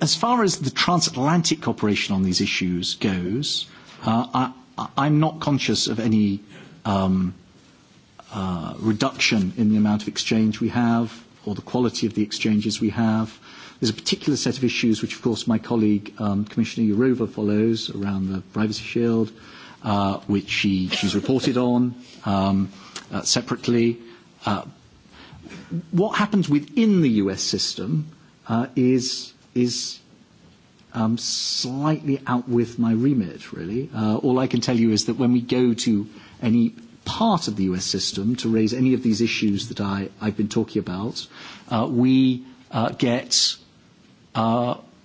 as far as the transatlantic cooperation on these issues goes, I'm not conscious of any reduction in the amount of exchange we have or the quality of the exchanges we have. There's a particular set of issues which, of course, my colleague Commissioner Jourova follows around the Privacy Shield, which she she's reported on separately. What happens within the US system is is slightly out with my remit, really. All I can tell you is that when we go to any part of the US system to raise any of these issues that I, I've been talking about, we get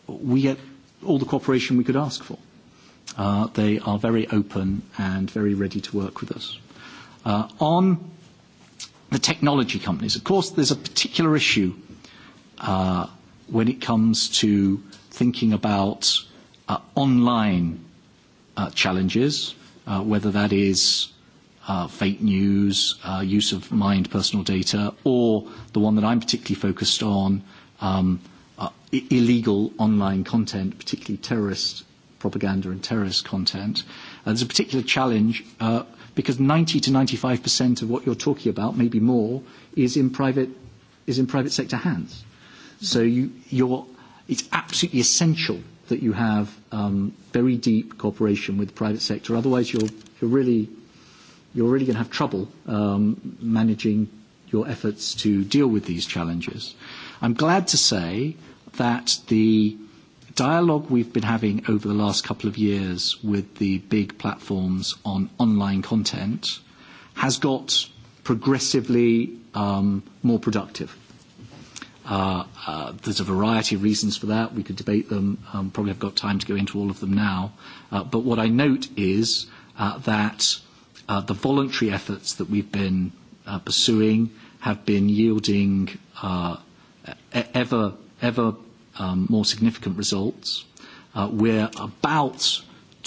we get all the cooperation we could ask for. They are very open and very ready to work with us. On the technology companies, of course, there's a particular issue when it comes to thinking about online challenges, whether that is fake news, use of mind, personal data, or the one that I'm particularly focused on, illegal online content, particularly terrorist propaganda and terrorist content. There's a particular challenge because 90 to 95% of what you're talking about, maybe more, is in private is in private sector hands. So you you're it's absolutely essential that you have very deep cooperation with the private sector. Otherwise, you're you're really you're really going to have trouble managing your efforts to deal with these challenges. I'm glad to say that the dialogue we've been having over the last couple of years with the big platforms on online content has got progressively more productive. There's a variety of reasons for that. We could debate them. Probably have got time to go into all of them now. But what I note is that The voluntary efforts that we've been pursuing have been yielding ever more significant results. We're about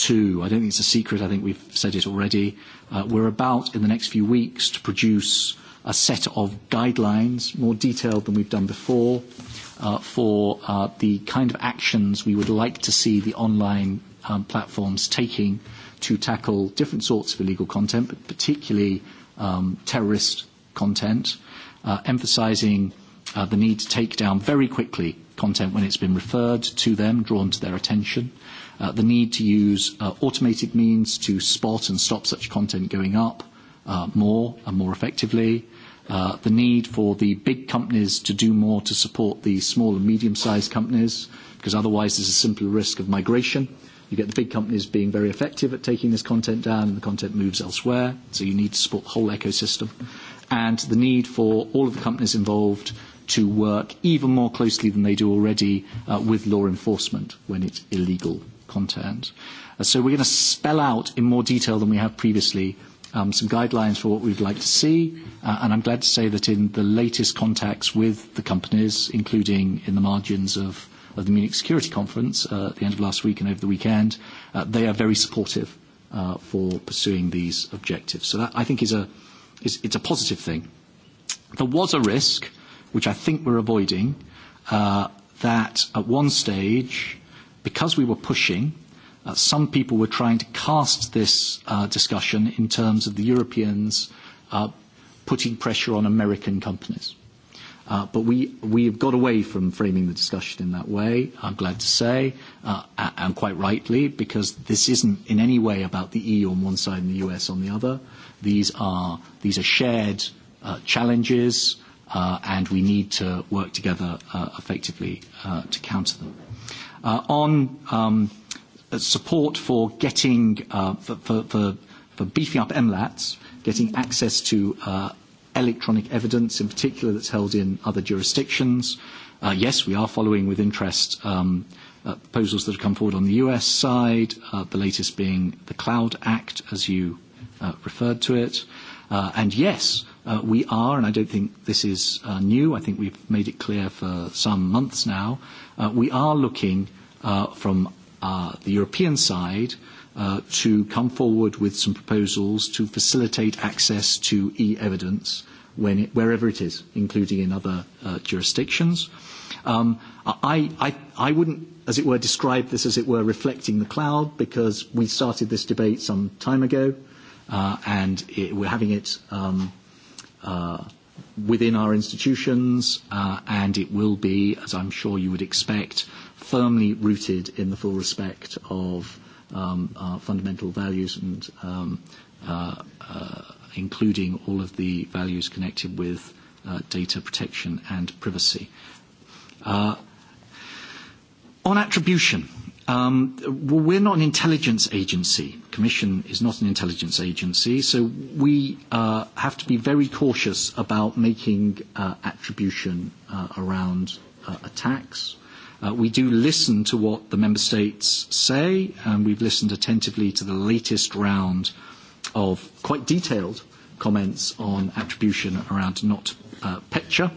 to, I don't think it's a secret, I think we've said it already, we're about in the next few weeks to produce a set of guidelines, more detailed than we've done before, for the kind of actions we would like to see the online platforms taking to tackle different sorts of illegal content, but particularly terrorist content, emphasizing the need to take down very quickly content when it's been referred to them, drawn to their attention, the need to use automated means to spot and stop such content going up more and more effectively, the need for the big companies to do more to support the small and medium-sized companies, because otherwise there's a simple risk of migration You get the big companies being very effective at taking this content down, and the content moves elsewhere. So you need to support the whole ecosystem. And the need for all of the companies involved to work even more closely than they do already with law enforcement when it's illegal content. So we're going to spell out in more detail than we have previously some guidelines for what we'd like to see. And I'm glad to say that in the latest contacts with the companies, including in the margins of of the Munich Security Conference at the end of last week and over the weekend, they are very supportive for pursuing these objectives. So that, I think, is a it's a positive thing. There was a risk, which I think we're avoiding, that at one stage, because we were pushing, some people were trying to cast this discussion in terms of the Europeans putting pressure on American companies. But we have got away from framing the discussion in that way, I'm glad to say, and quite rightly, because this isn't in any way about the EU on one side and the US on the other. These are these are shared challenges, and we need to work together effectively to counter them. On support for getting for beefing up MLATs, getting access to electronic evidence in particular that's held in other jurisdictions. Yes, we are following with interest proposals that have come forward on the US side, the latest being the Cloud Act, as you referred to it. And yes, we are, and I don't think this is new, I think we've made it clear for some months now, we are looking from the European side to come forward with some proposals to facilitate access to e-evidence wherever it is, including in other jurisdictions. I wouldn't, as it were, describe this as it were reflecting the cloud because we started this debate some time ago and we're having it within our institutions and it will be, as I'm sure you would expect, firmly rooted in the full respect of our fundamental values and including all of the values connected with data protection and privacy. On attribution, we're not an intelligence agency. Commission is not an intelligence agency, so we have to be very cautious about making attribution around attacks We do listen to what the member states say, and we've listened attentively to the latest round of quite detailed comments on attribution around not PECHA.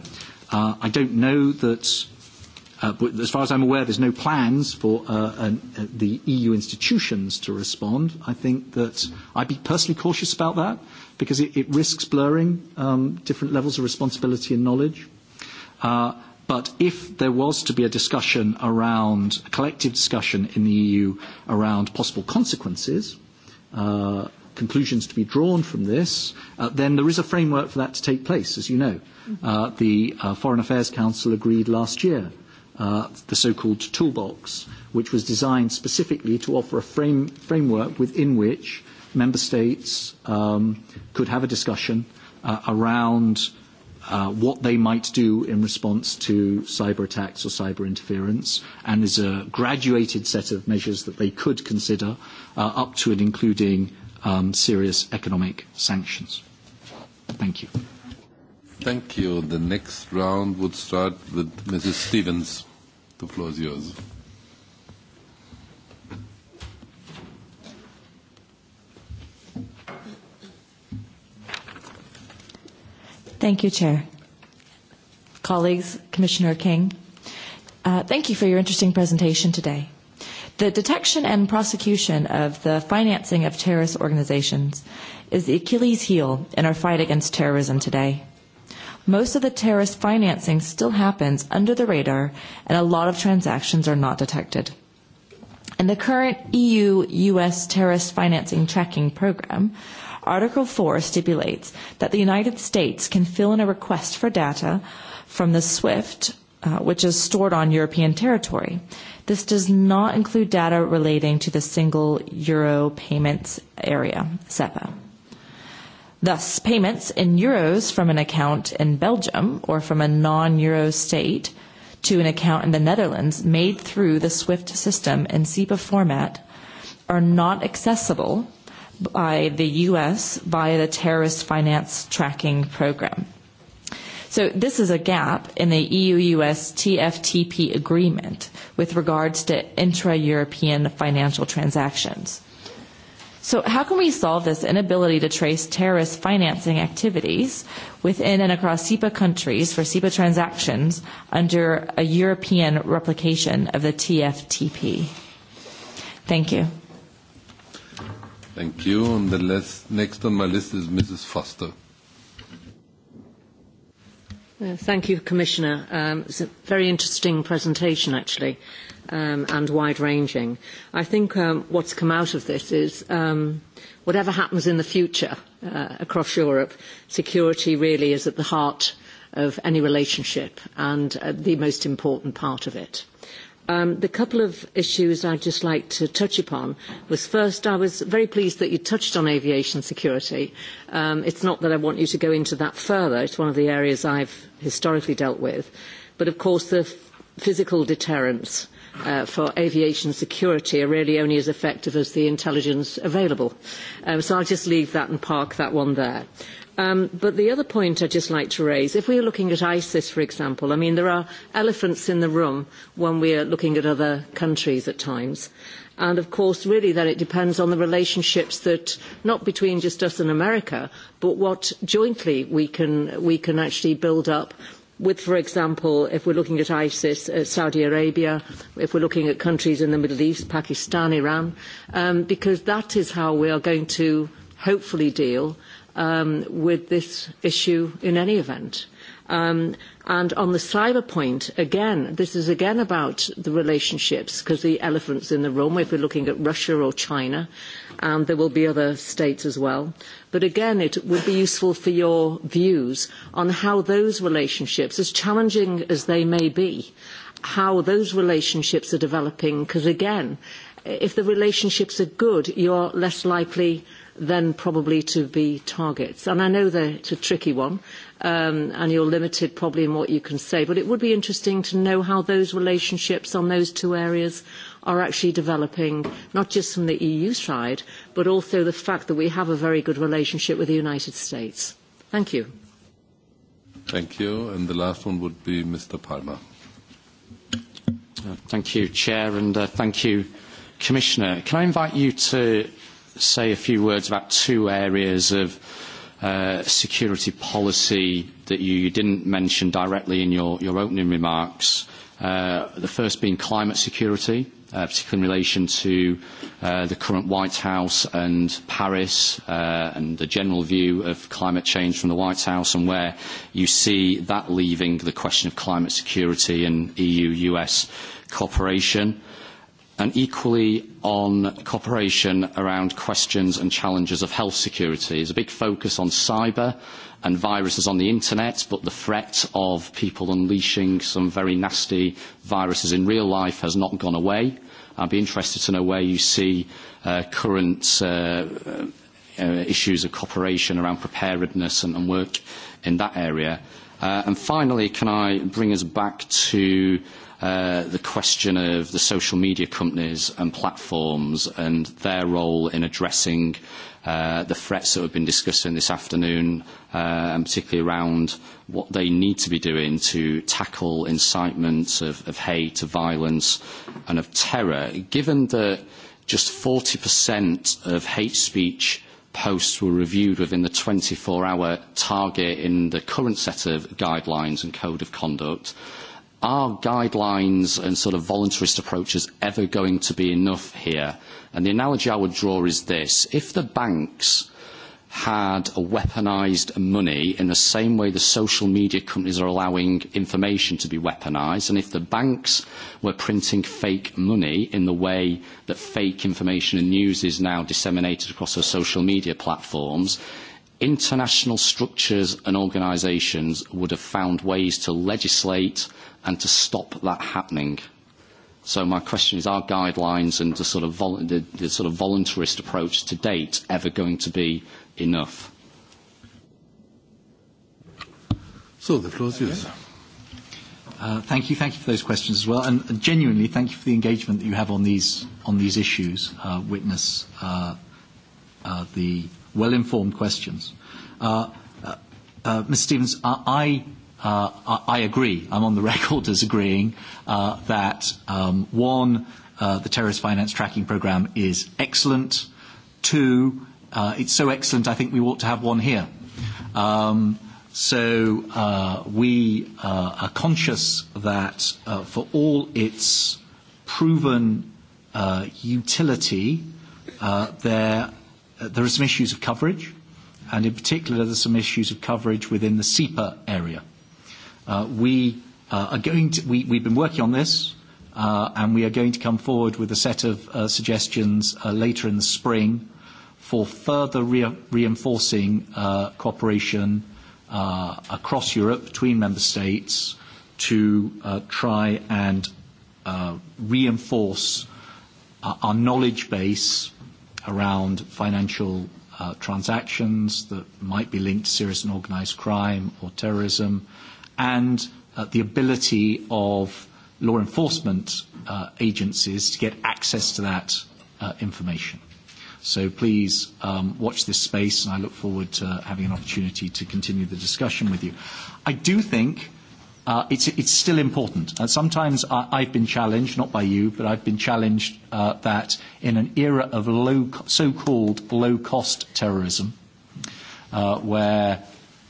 I don't know that, as far as I'm aware, there's no plans for the EU institutions to respond. I think that I'd be personally cautious about that because it risks blurring different levels of responsibility and knowledge. But if there was to be a discussion around, a collective discussion in the EU around possible consequences, conclusions to be drawn from this, then there is a framework for that to take place, as you know. The Foreign Affairs Council agreed last year the so-called toolbox, which was designed specifically to offer a framework within which member states could have a discussion around what they might do in response to cyber attacks or cyber interference, and is a graduated set of measures that they could consider, up to and including serious economic sanctions. Thank you. Thank you. The next round would start with Mrs. Stevens. The floor is yours. Thank you, Chair. Colleagues, Commissioner King, thank you for your interesting presentation today. The detection and prosecution of the financing of terrorist organizations is the Achilles heel in our fight against terrorism today. Most of the terrorist financing still happens under the radar and a lot of transactions are not detected. In the current EU-US terrorist financing tracking program, Article 4 stipulates that the United States can fill in a request for data from the SWIFT, which is stored on European territory. This does not include data relating to the single euro payments area, SEPA. Thus, payments in euros from an account in Belgium or from a non-euro state to an account in the Netherlands made through the SWIFT system in SEPA format are not accessible by the US via the terrorist finance tracking program. So this is a gap in the EU-US TFTP agreement with regards to intra-European financial transactions. So how can we solve this inability to trace terrorist financing activities within and across SEPA countries for SEPA transactions under a European replication of the TFTP? Thank you. Thank you. And the next on my list is Mrs. Foster. Thank you, Commissioner. a very interesting presentation, actually, and wide-ranging. I think what's come out of this is whatever happens in the future across Europe, security really is at the heart of any relationship and the most important part of it. The couple of issues I'd just like to touch upon was first, I was very pleased that you touched on aviation security. It's not that I want you to go into that further. It's one of the areas I've historically dealt with. But, of course, the physical deterrence for aviation security are really only as effective as the intelligence available. So I'll just leave that and park that one there. But the other point I'd just like to raise, if we are looking at ISIS, for example, I mean, there are elephants in the room when we are looking at other countries at times. And, of course, really then it depends on the relationships that, not between just us and America, but what jointly we can actually build up with, for example, if we're looking at ISIS, Saudi Arabia, if we're looking at countries in the Middle East, Pakistan, Iran, because that is how we are going to hopefully deal with this issue in any event. And on the cyber point, again, this is again about the relationships, because the elephant's in the room, if we're looking at Russia or China, and there will be other states as well. But again, it would be useful for your views on how those relationships, as challenging as they may be, how those relationships are developing, because again, if the relationships are good, you're less likely then probably to be targets. And I know that it's a tricky one, and you're limited probably in what you can say, but it would be interesting to know how those relationships on those two areas are actually developing, not just from the EU side, but also the fact that we have a very good relationship with the United States. Thank you. Thank you. And the last one would be Mr. Palmer. Thank you, Chair, and thank you, Commissioner. Can I invite you to say a few words about two areas of security policy that you didn't mention directly in your opening remarks. The first being climate security, particularly in relation to the current White House and Paris and the general view of climate change from the White House and where you see that leaving the question of climate security and EU-US cooperation and equally on cooperation around questions and challenges of health security. There's a big focus on cyber and viruses on the internet, but the threat of people unleashing some very nasty viruses in real life has not gone away. I'd be interested to know where you see current issues of cooperation around preparedness and work in that area. And finally, can I bring us back to the question of the social media companies and platforms and their role in addressing the threats that have been discussing this afternoon, and particularly around what they need to be doing to tackle incitement of hate, of violence, and of terror. Given that just 40% of hate speech posts were reviewed within the 24-hour target in the current set of guidelines and code of conduct, are guidelines and sort of voluntarist approaches ever going to be enough here? And the analogy I would draw is this. If the banks had weaponized money in the same way the social media companies are allowing information to be weaponized and if the banks were printing fake money in the way that fake information and news is now disseminated across their social media platforms, international structures and organisations would have found ways to legislate and to stop that happening. So my question is, are guidelines and the sort of voluntarist approach to date ever going to be enough? So the floor is yours. Thank you. Thank you for those questions as well. And genuinely, thank you for the engagement that you have on these on these issues. Witness uh the well-informed questions. Mr Stevens, I I agree. I'm on the record as agreeing that, one, the terrorist finance tracking program is excellent. Two, it's so excellent I think we ought to have one here. So we are conscious that for all its proven utility, there are some issues of coverage, and in particular there are some issues of coverage within the SEPA area we are going to, we, we've been working on this and we are going to come forward with a set of suggestions later in the spring for further reinforcing cooperation across Europe between member states to try and reinforce our knowledge base around financial transactions that might be linked to serious and organised crime or terrorism and the ability of law enforcement agencies to get access to that information. So please watch this space, and I look forward to having an opportunity to continue the discussion with you. I do think it's still important. Sometimes I've been challenged, not by you, but I've been challenged that in an era of so-called low-cost terrorism, where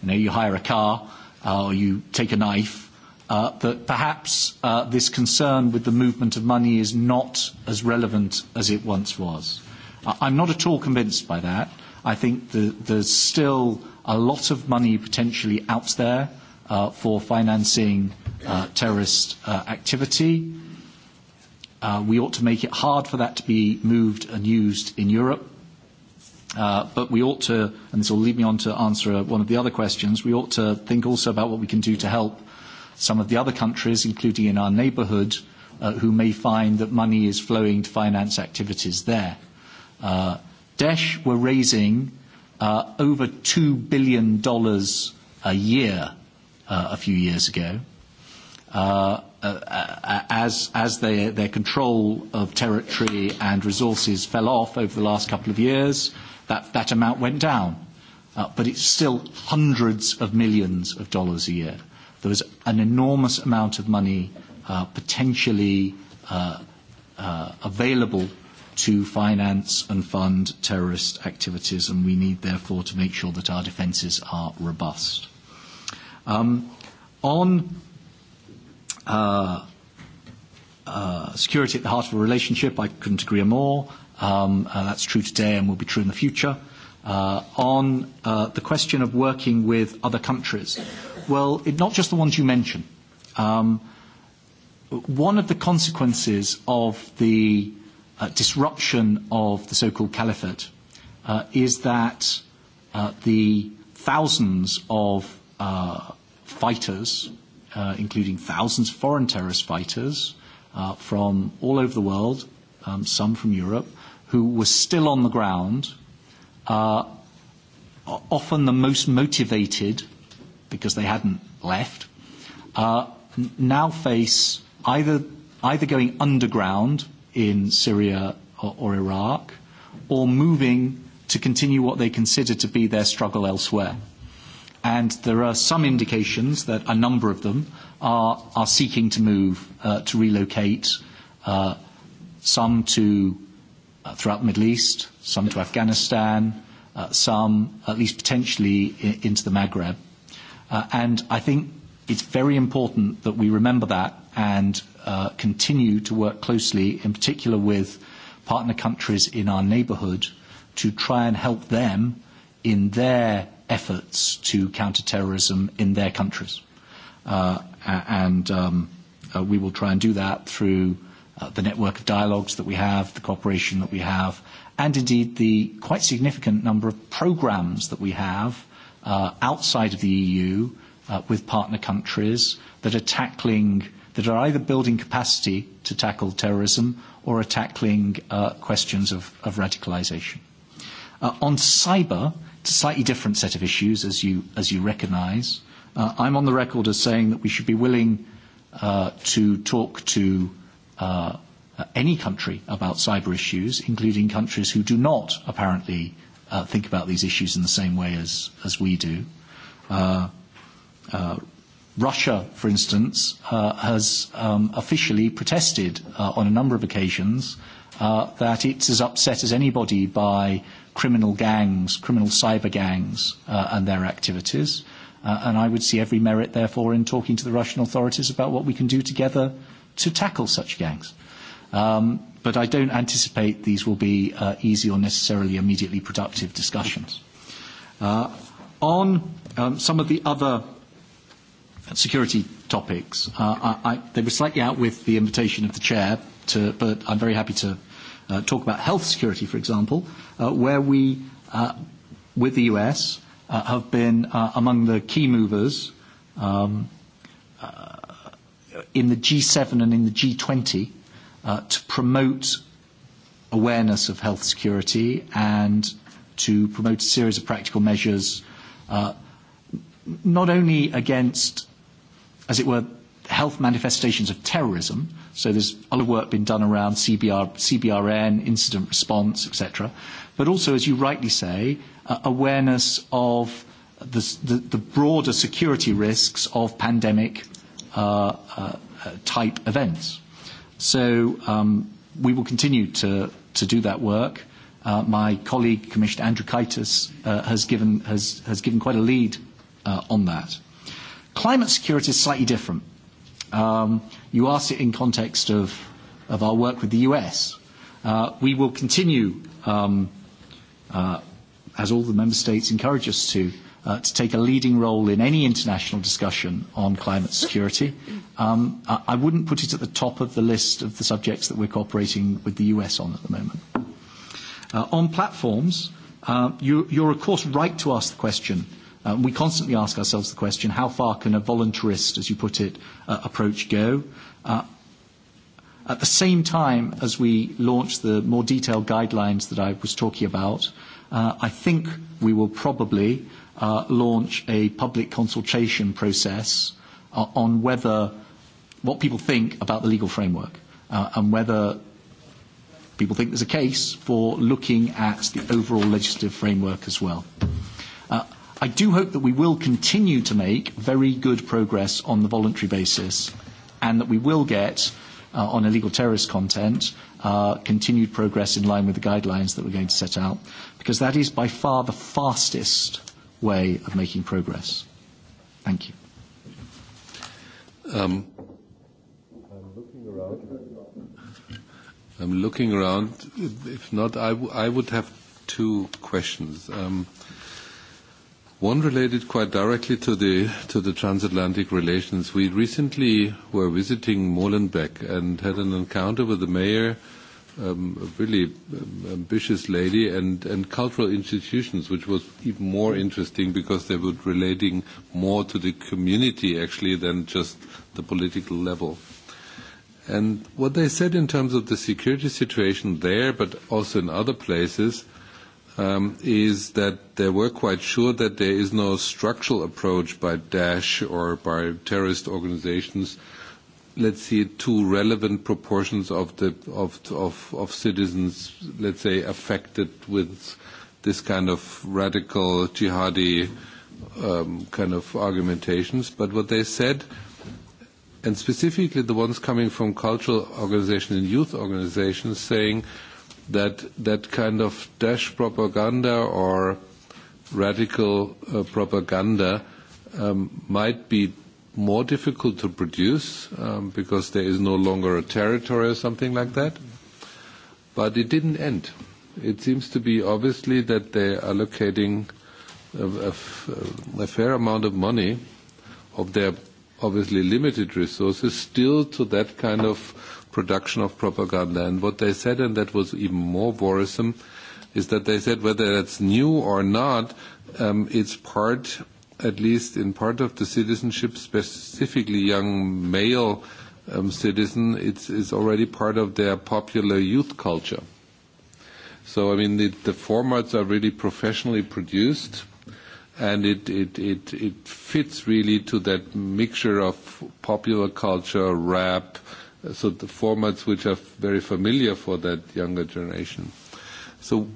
you know you hire a car or you take a knife, that perhaps this concern with the movement of money is not as relevant as it once was. I'm not at all convinced by that. I think there's still a lot of money potentially out there for financing terrorist activity. We ought to make it hard for that to be moved and used in Europe. But we ought to, and this will lead me on to answer one of the other questions, we ought to think also about what we can do to help some of the other countries, including in our neighbourhood, who may find that money is flowing to finance activities there. Daesh were raising over $2 billion a year a few years ago as their control of territory and resources fell off over the last couple of years that that amount went down. But it's still hundreds of millions of dollars a year. There is an enormous amount of money potentially available to finance and fund terrorist activities, and we need, therefore, to make sure that our defences are robust. On security at the heart of a relationship, I couldn't agree more. That's true today and will be true in the future. On the question of working with other countries, well, not just the ones you mentioned. One of the consequences of the disruption of the so-called caliphate is that the thousands of fighters, including thousands of foreign terrorist fighters from all over the world, some from Europe, who were still on the ground, often the most motivated, because they hadn't left, now face either either going underground in Syria or Iraq, or moving to continue what they consider to be their struggle elsewhere. And there are some indications that a number of them are are seeking to move, to relocate, some to throughout the Middle East, some to Afghanistan, some at least potentially into the Maghreb. And I think it's very important that we remember that and continue to work closely, in particular with partner countries in our neighbourhood, to try and help them in their efforts to counter terrorism in their countries. And we will try and do that through the network of dialogues that we have, the cooperation that we have, and indeed the quite significant number of programs that we have outside of the EU with partner countries that are tackling, that are either building capacity to tackle terrorism or are tackling questions of radicalization. On cyber, it's a slightly different set of issues, as you as you recognize. I'm on the record as saying that we should be willing to talk to any country about cyber issues, including countries who do not apparently think about these issues in the same way as as we do. Russia, for instance, has um officially protested on a number of occasions uh that it's as upset as anybody by criminal gangs, criminal cyber gangs and their activities. And I would see every merit, therefore, in talking to the Russian authorities about what we can do together to tackle such gangs. But I don't anticipate these will be easy or necessarily immediately productive discussions. On some of the other security topics, they were slightly out with the invitation of the chair, but I'm very happy to talk about health security, for example, where we, with the US, have been among the key movers in the G7 and in the G20 to promote awareness of health security and to promote a series of practical measures not only against, as it were, health manifestations of terrorism, so there's a lot of work being done around CBRN, incident response, etc., but also, as you rightly say, awareness of the broader security risks of pandemic type events. So we will continue to to do that work. My colleague, Commissioner Andrew uh has given has has given quite a lead on that. Climate security is slightly different. You asked it in context of our work with the US. We will continue, as all the member states encourage us to, to take a leading role in any international discussion on climate security. I wouldn't put it at the top of the list of the subjects that we're cooperating with the US on at the moment. On platforms, you're of course right to ask the question. We constantly ask ourselves the question, how far can a voluntarist, as you put it, approach go? At the same time as we launch the more detailed guidelines that I was talking about, I think we will probably launch a public consultation process on whether what people think about the legal framework and whether people think there's a case for looking at the overall legislative framework as well. I do hope that we will continue to make very good progress on the voluntary basis and that we will get, on illegal terrorist content, continued progress in line with the guidelines that we're going to set out, because that is by far the fastest way of making progress. Thank you. I'm looking around. I'm looking around. If not, I would have two questions. One related quite directly to the to the transatlantic relations. We recently were visiting Molenbeek and had an encounter with the mayor really ambitious lady, and, and cultural institutions, which was even more interesting because they were relating more to the community actually than just the political level. And what they said in terms of the security situation there, but also in other places, is that they were quite sure that there is no structural approach by Daesh or by terrorist organizations let's see, two relevant proportions of the of citizens, let's say, affected with this kind of radical jihadi kind of argumentations. But what they said, and specifically the ones coming from cultural organizations and youth organizations, saying that that kind of Daesh propaganda or radical propaganda might be more difficult to produce because there is no longer a territory or something like that. But it didn't end. It seems to be obviously that they are allocating a fair amount of money of their obviously limited resources still to that kind of production of propaganda. And what they said, and that was even more worrisome, is that they said whether that's new or not, it's part at least in part of the citizenship, specifically young male citizen, it's already part of their popular youth culture. So, I mean, the formats are really professionally produced, and it fits really to that mixture of popular culture, rap, so the formats which are very familiar for that younger generation. So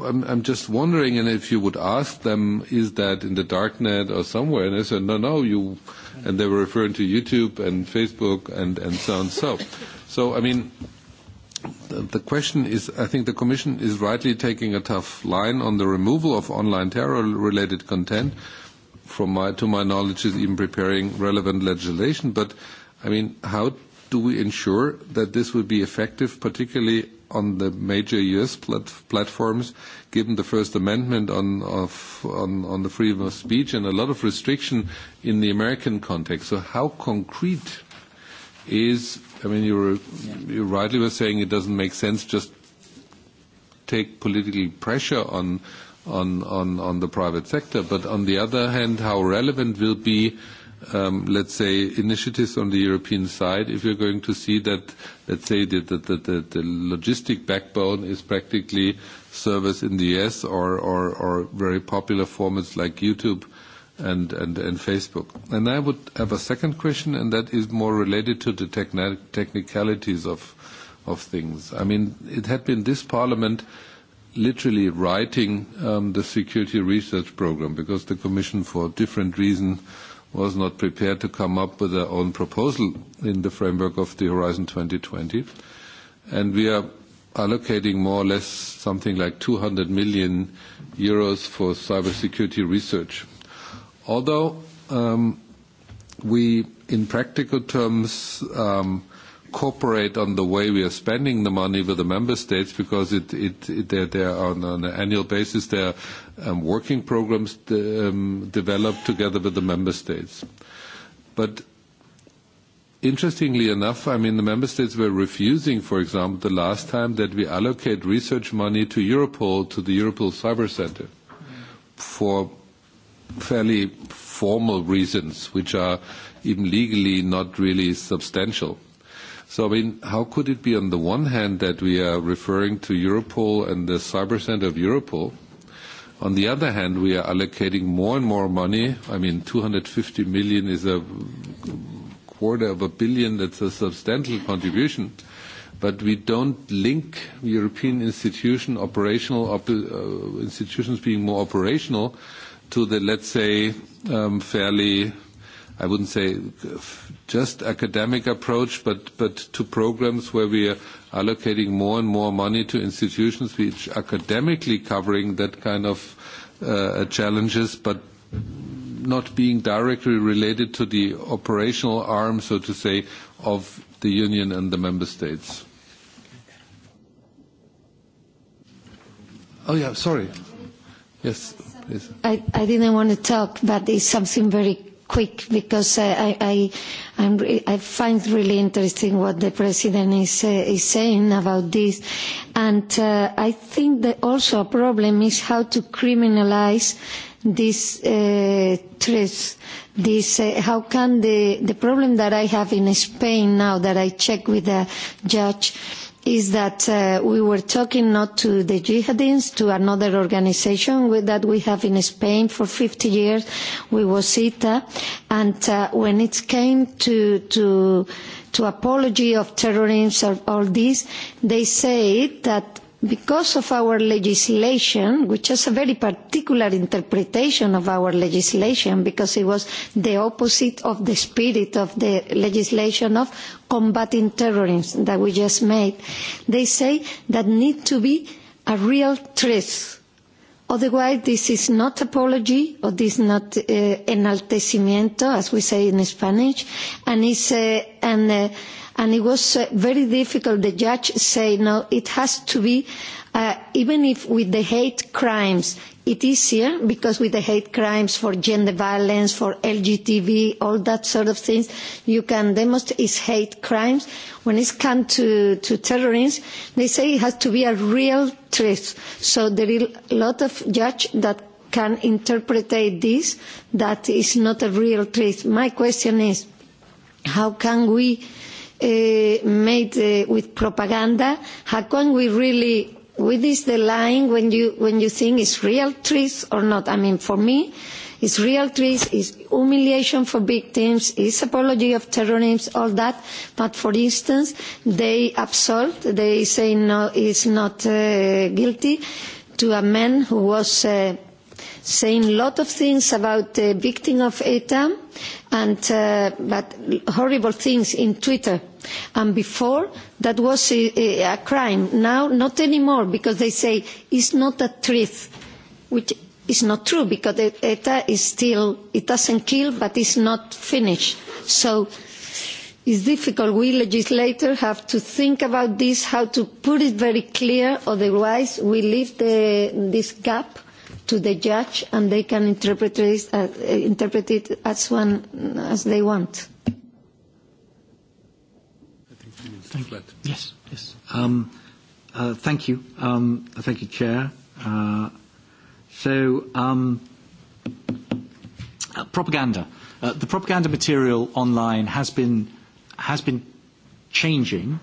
I'm just wondering, and if you would ask them, is that in the dark net or somewhere? And I said, no, no, you, and they were referring to YouTube and Facebook and, and so on. So, so I mean, the question is, I think the Commission is rightly taking a tough line on the removal of online terror-related content. From my, to my knowledge, is even preparing relevant legislation. But, I mean, how do we ensure that this will be effective, particularly on the major U.S. platforms, given the First Amendment on the freedom of speech and a lot of restriction in the American context. So how concrete is, I mean, you rightly were saying it doesn't make sense just take political pressure on the private sector, but on the other hand, how relevant will be let's say, initiatives on the European side, if you're going to see that, let's say, the logistic backbone is practically service in the US or very popular formats like YouTube and Facebook. And I would have a second question, and that is more related to the technicalities of things. I mean, it had been this Parliament literally writing the security research program because the Commission, for different reasons, was not prepared to come up with their own proposal in the framework of the Horizon 2020. And we are allocating more or less something like 200 million euros for cybersecurity research. Although we, in practical terms, um cooperate on the way we are spending the money with the member states because it it they are on an annual basis there are working programs developed together with the member states but interestingly enough i mean the member states were refusing for example the last time that we allocate research money to europol to the europol cyber center for fairly formal reasons which are even legally not really substantial So, I mean, how could it be on the one hand that we are referring to Europol and the cyber center of Europol? On the other hand, we are allocating more and more money. I mean, 250 million is a quarter of a billion. That's a substantial contribution. But we don't link European institution operational institutions being more operational to the, let's say, fairly I wouldn't say just academic approach, but to programs where we are allocating more and more money to institutions which academically covering that kind of challenges, but not being directly related to the operational arm, so to say, of the Union and the member states. Oh yeah, sorry. Yes, please. I didn't want to talk, but it's something very quick because I find really interesting what the President is saying about this. And I think that also a problem is how to criminalize this truth. This, how can the problem that I have in Spain now that I check with a judge is that we were talking not to the jihadists, to another organisation that we have in Spain for 50 years, we was CETA, and when it came to to apology of terrorism or all this, they say that because of our legislation, which has a very particular interpretation of our legislation, because it was the opposite of the spirit of the legislation of combating terrorism that we just made, they say that need to be a real truth. Otherwise, this is not apology, or this is not enaltecimiento, as we say in Spanish, and is an and it was very difficult. The judge said, no, it has to be, even if with the hate crimes, it is easier because with the hate crimes for gender violence, for LGTB, all that sort of things, you can demonstrate it's hate crimes. When it comes to terrorists, they say it has to be a real threat. So there are a lot of judges that can interpret this, that is not a real threat. My question is, how can we made with propaganda how can we really with this the line when you when you think it's real truth or not i mean for me it's real truth is humiliation for victims is apology of terrorism all that but for instance they absolved they say no is not guilty to a man who was saying a lot of things about the victim of ETA and but horrible things in Twitter. And before that was a crime. Now not anymore because they say it's not a truth, which is not true because ETA is still it doesn't kill but it's not finished. So it's difficult. We legislators have to think about this, how to put it very clear, otherwise we leave this gap to the judge and they can interpret it as one as they want. Yes, Thank you. Thank you, Chair. So, propaganda. The propaganda material online has been has been changing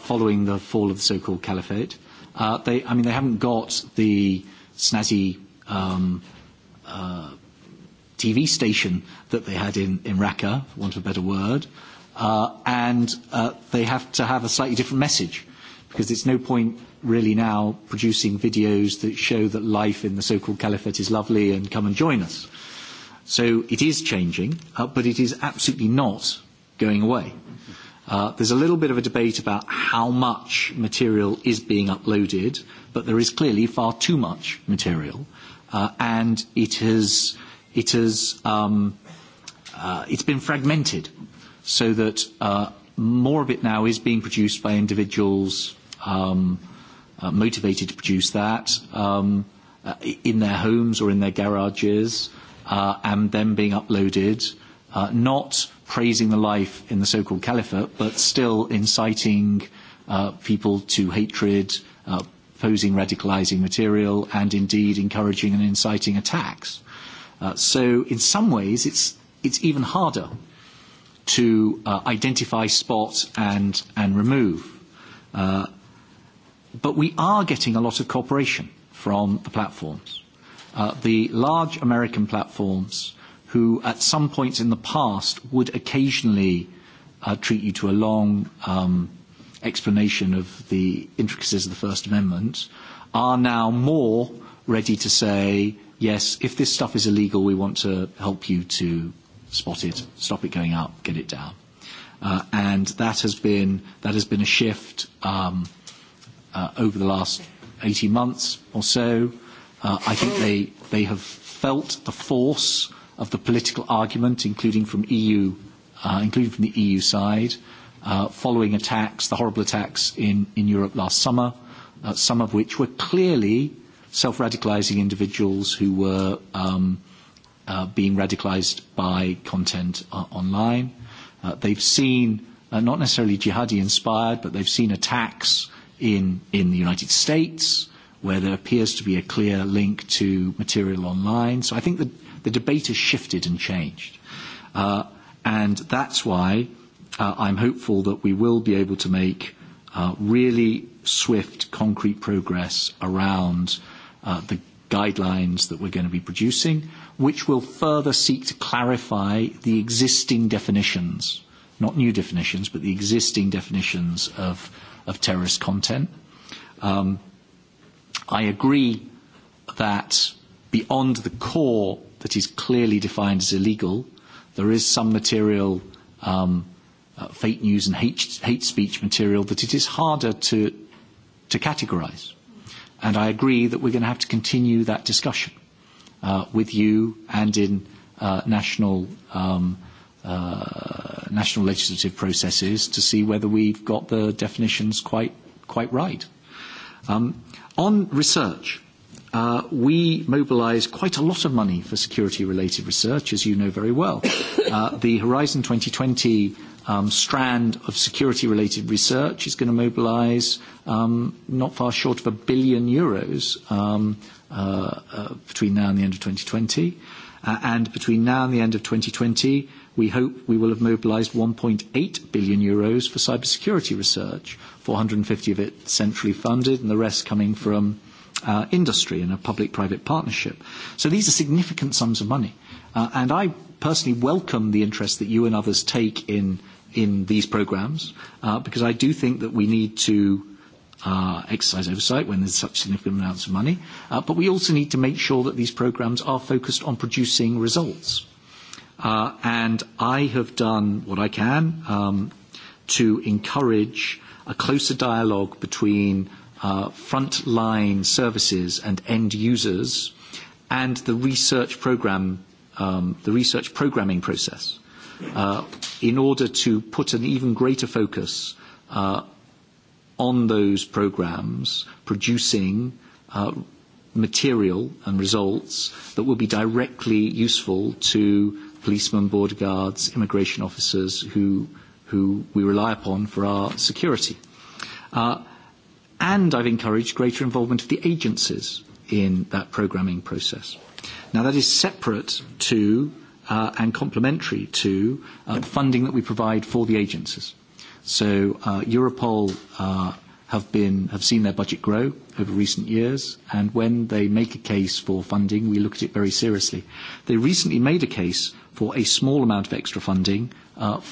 following the fall of the so-called caliphate. I mean, they haven't got the snazzy TV station that they had in in Raqqa, for want of a better word, and they have to have a slightly different message because it's no point really now producing videos that show that life in the so-called caliphate is lovely and come and join us. So it is changing, but it is absolutely not going away. There's a little bit of a debate about how much material is being uploaded, but there is clearly far too much material, and it has it has it's been fragmented, so that more of it now is being produced by individuals motivated to produce that in their homes or in their garages, and then being uploaded, not praising the life in the so-called caliphate, but still inciting people to hatred, posing radicalizing material, and indeed encouraging and inciting attacks. So in some ways, it's it's even harder to identify, spot, and and remove. But we are getting a lot of cooperation from the platforms. The large American platforms who at some points in the past would occasionally treat you to a long explanation of the intricacies of the First Amendment, are now more ready to say, yes, if this stuff is illegal, we want to help you to spot it, stop it going out, get it down. And that has been that has been a shift over the last 18 months or so. I think they they have felt the force of the political argument, including from EU, including from the EU side, following attacks, the horrible attacks in in Europe last summer, some of which were clearly self-radicalizing individuals who were being radicalized by content online. They've seen, not necessarily jihadi-inspired, but they've seen attacks in in the United States where there appears to be a clear link to material online. So I think the The debate has shifted and changed. And that's why I'm hopeful that we will be able to make really swift, concrete progress around the guidelines that we're going to be producing, which will further seek to clarify the existing definitions, not new definitions, but the existing definitions of terrorist content. I agree that beyond the core that is clearly defined as illegal. There is some material, fake news and hate speech material, that it is harder to to categorise. And I agree that we're going to have to continue that discussion with you and in national national legislative processes to see whether we've got the definitions quite quite right. On research we mobilise quite a lot of money for security-related research, as you know very well. The Horizon 2020 strand of security-related research is going to mobilise not far short of a billion euros between now and the end of 2020. And between now and the end of 2020, we hope we will have mobilised 1.8 billion euros for cybersecurity research, 450 of it centrally funded and the rest coming from industry in a public-private partnership. So these are significant sums of money. And I personally welcome the interest that you and others take in in these programs, because I do think that we need to exercise oversight when there's such significant amounts of money, but we also need to make sure that these programs are focused on producing results. And I have done what I can to encourage a closer dialogue between frontline services and end users and the research program the research programming process in order to put an even greater focus on those programs producing material and results that will be directly useful to policemen, border guards, immigration officers who we rely upon for our security and I've encouraged greater involvement of the agencies in that programming process. Now, that is separate to and complementary to funding that we provide for the agencies. So Europol have been have seen their budget grow over recent years and when they make a case for funding we look at it very seriously they recently made a case for a small amount of extra funding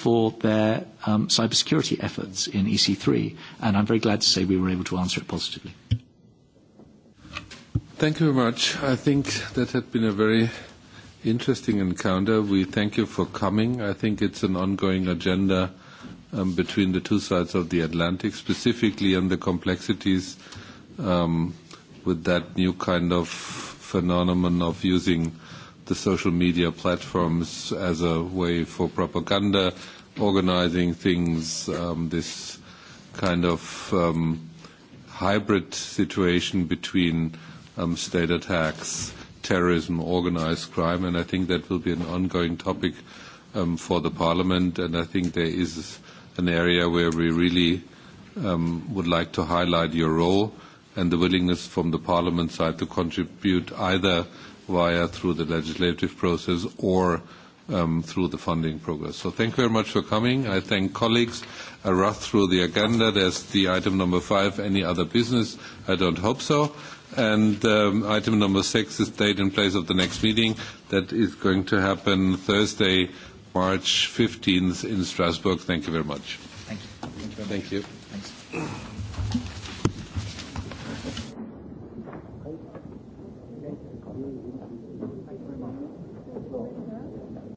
for their cybersecurity efforts in EC3 and I'm very glad to say we were able to answer it positively thank you very much i think that had been a very interesting encounter we thank you for coming i think it's an ongoing agenda between the two sides of the Atlantic, specifically on the complexities with that new kind of phenomenon of using the social media platforms as a way for propaganda, organizing things, this kind of hybrid situation between state attacks, terrorism, organized crime, and I think that will be an ongoing topic for the Parliament, and I think there is an area where we really would like to highlight your role and the willingness from the Parliament side to contribute either via through the legislative process or through the funding progress. So thank you very much for coming. I thank colleagues. I rush through the agenda. There's the item number five, any other business. I don't hope so. And item number six is date and place of the next meeting. That is going to happen Thursday, March 15th in Strasbourg. Thank you very much. Thank you. Thank you.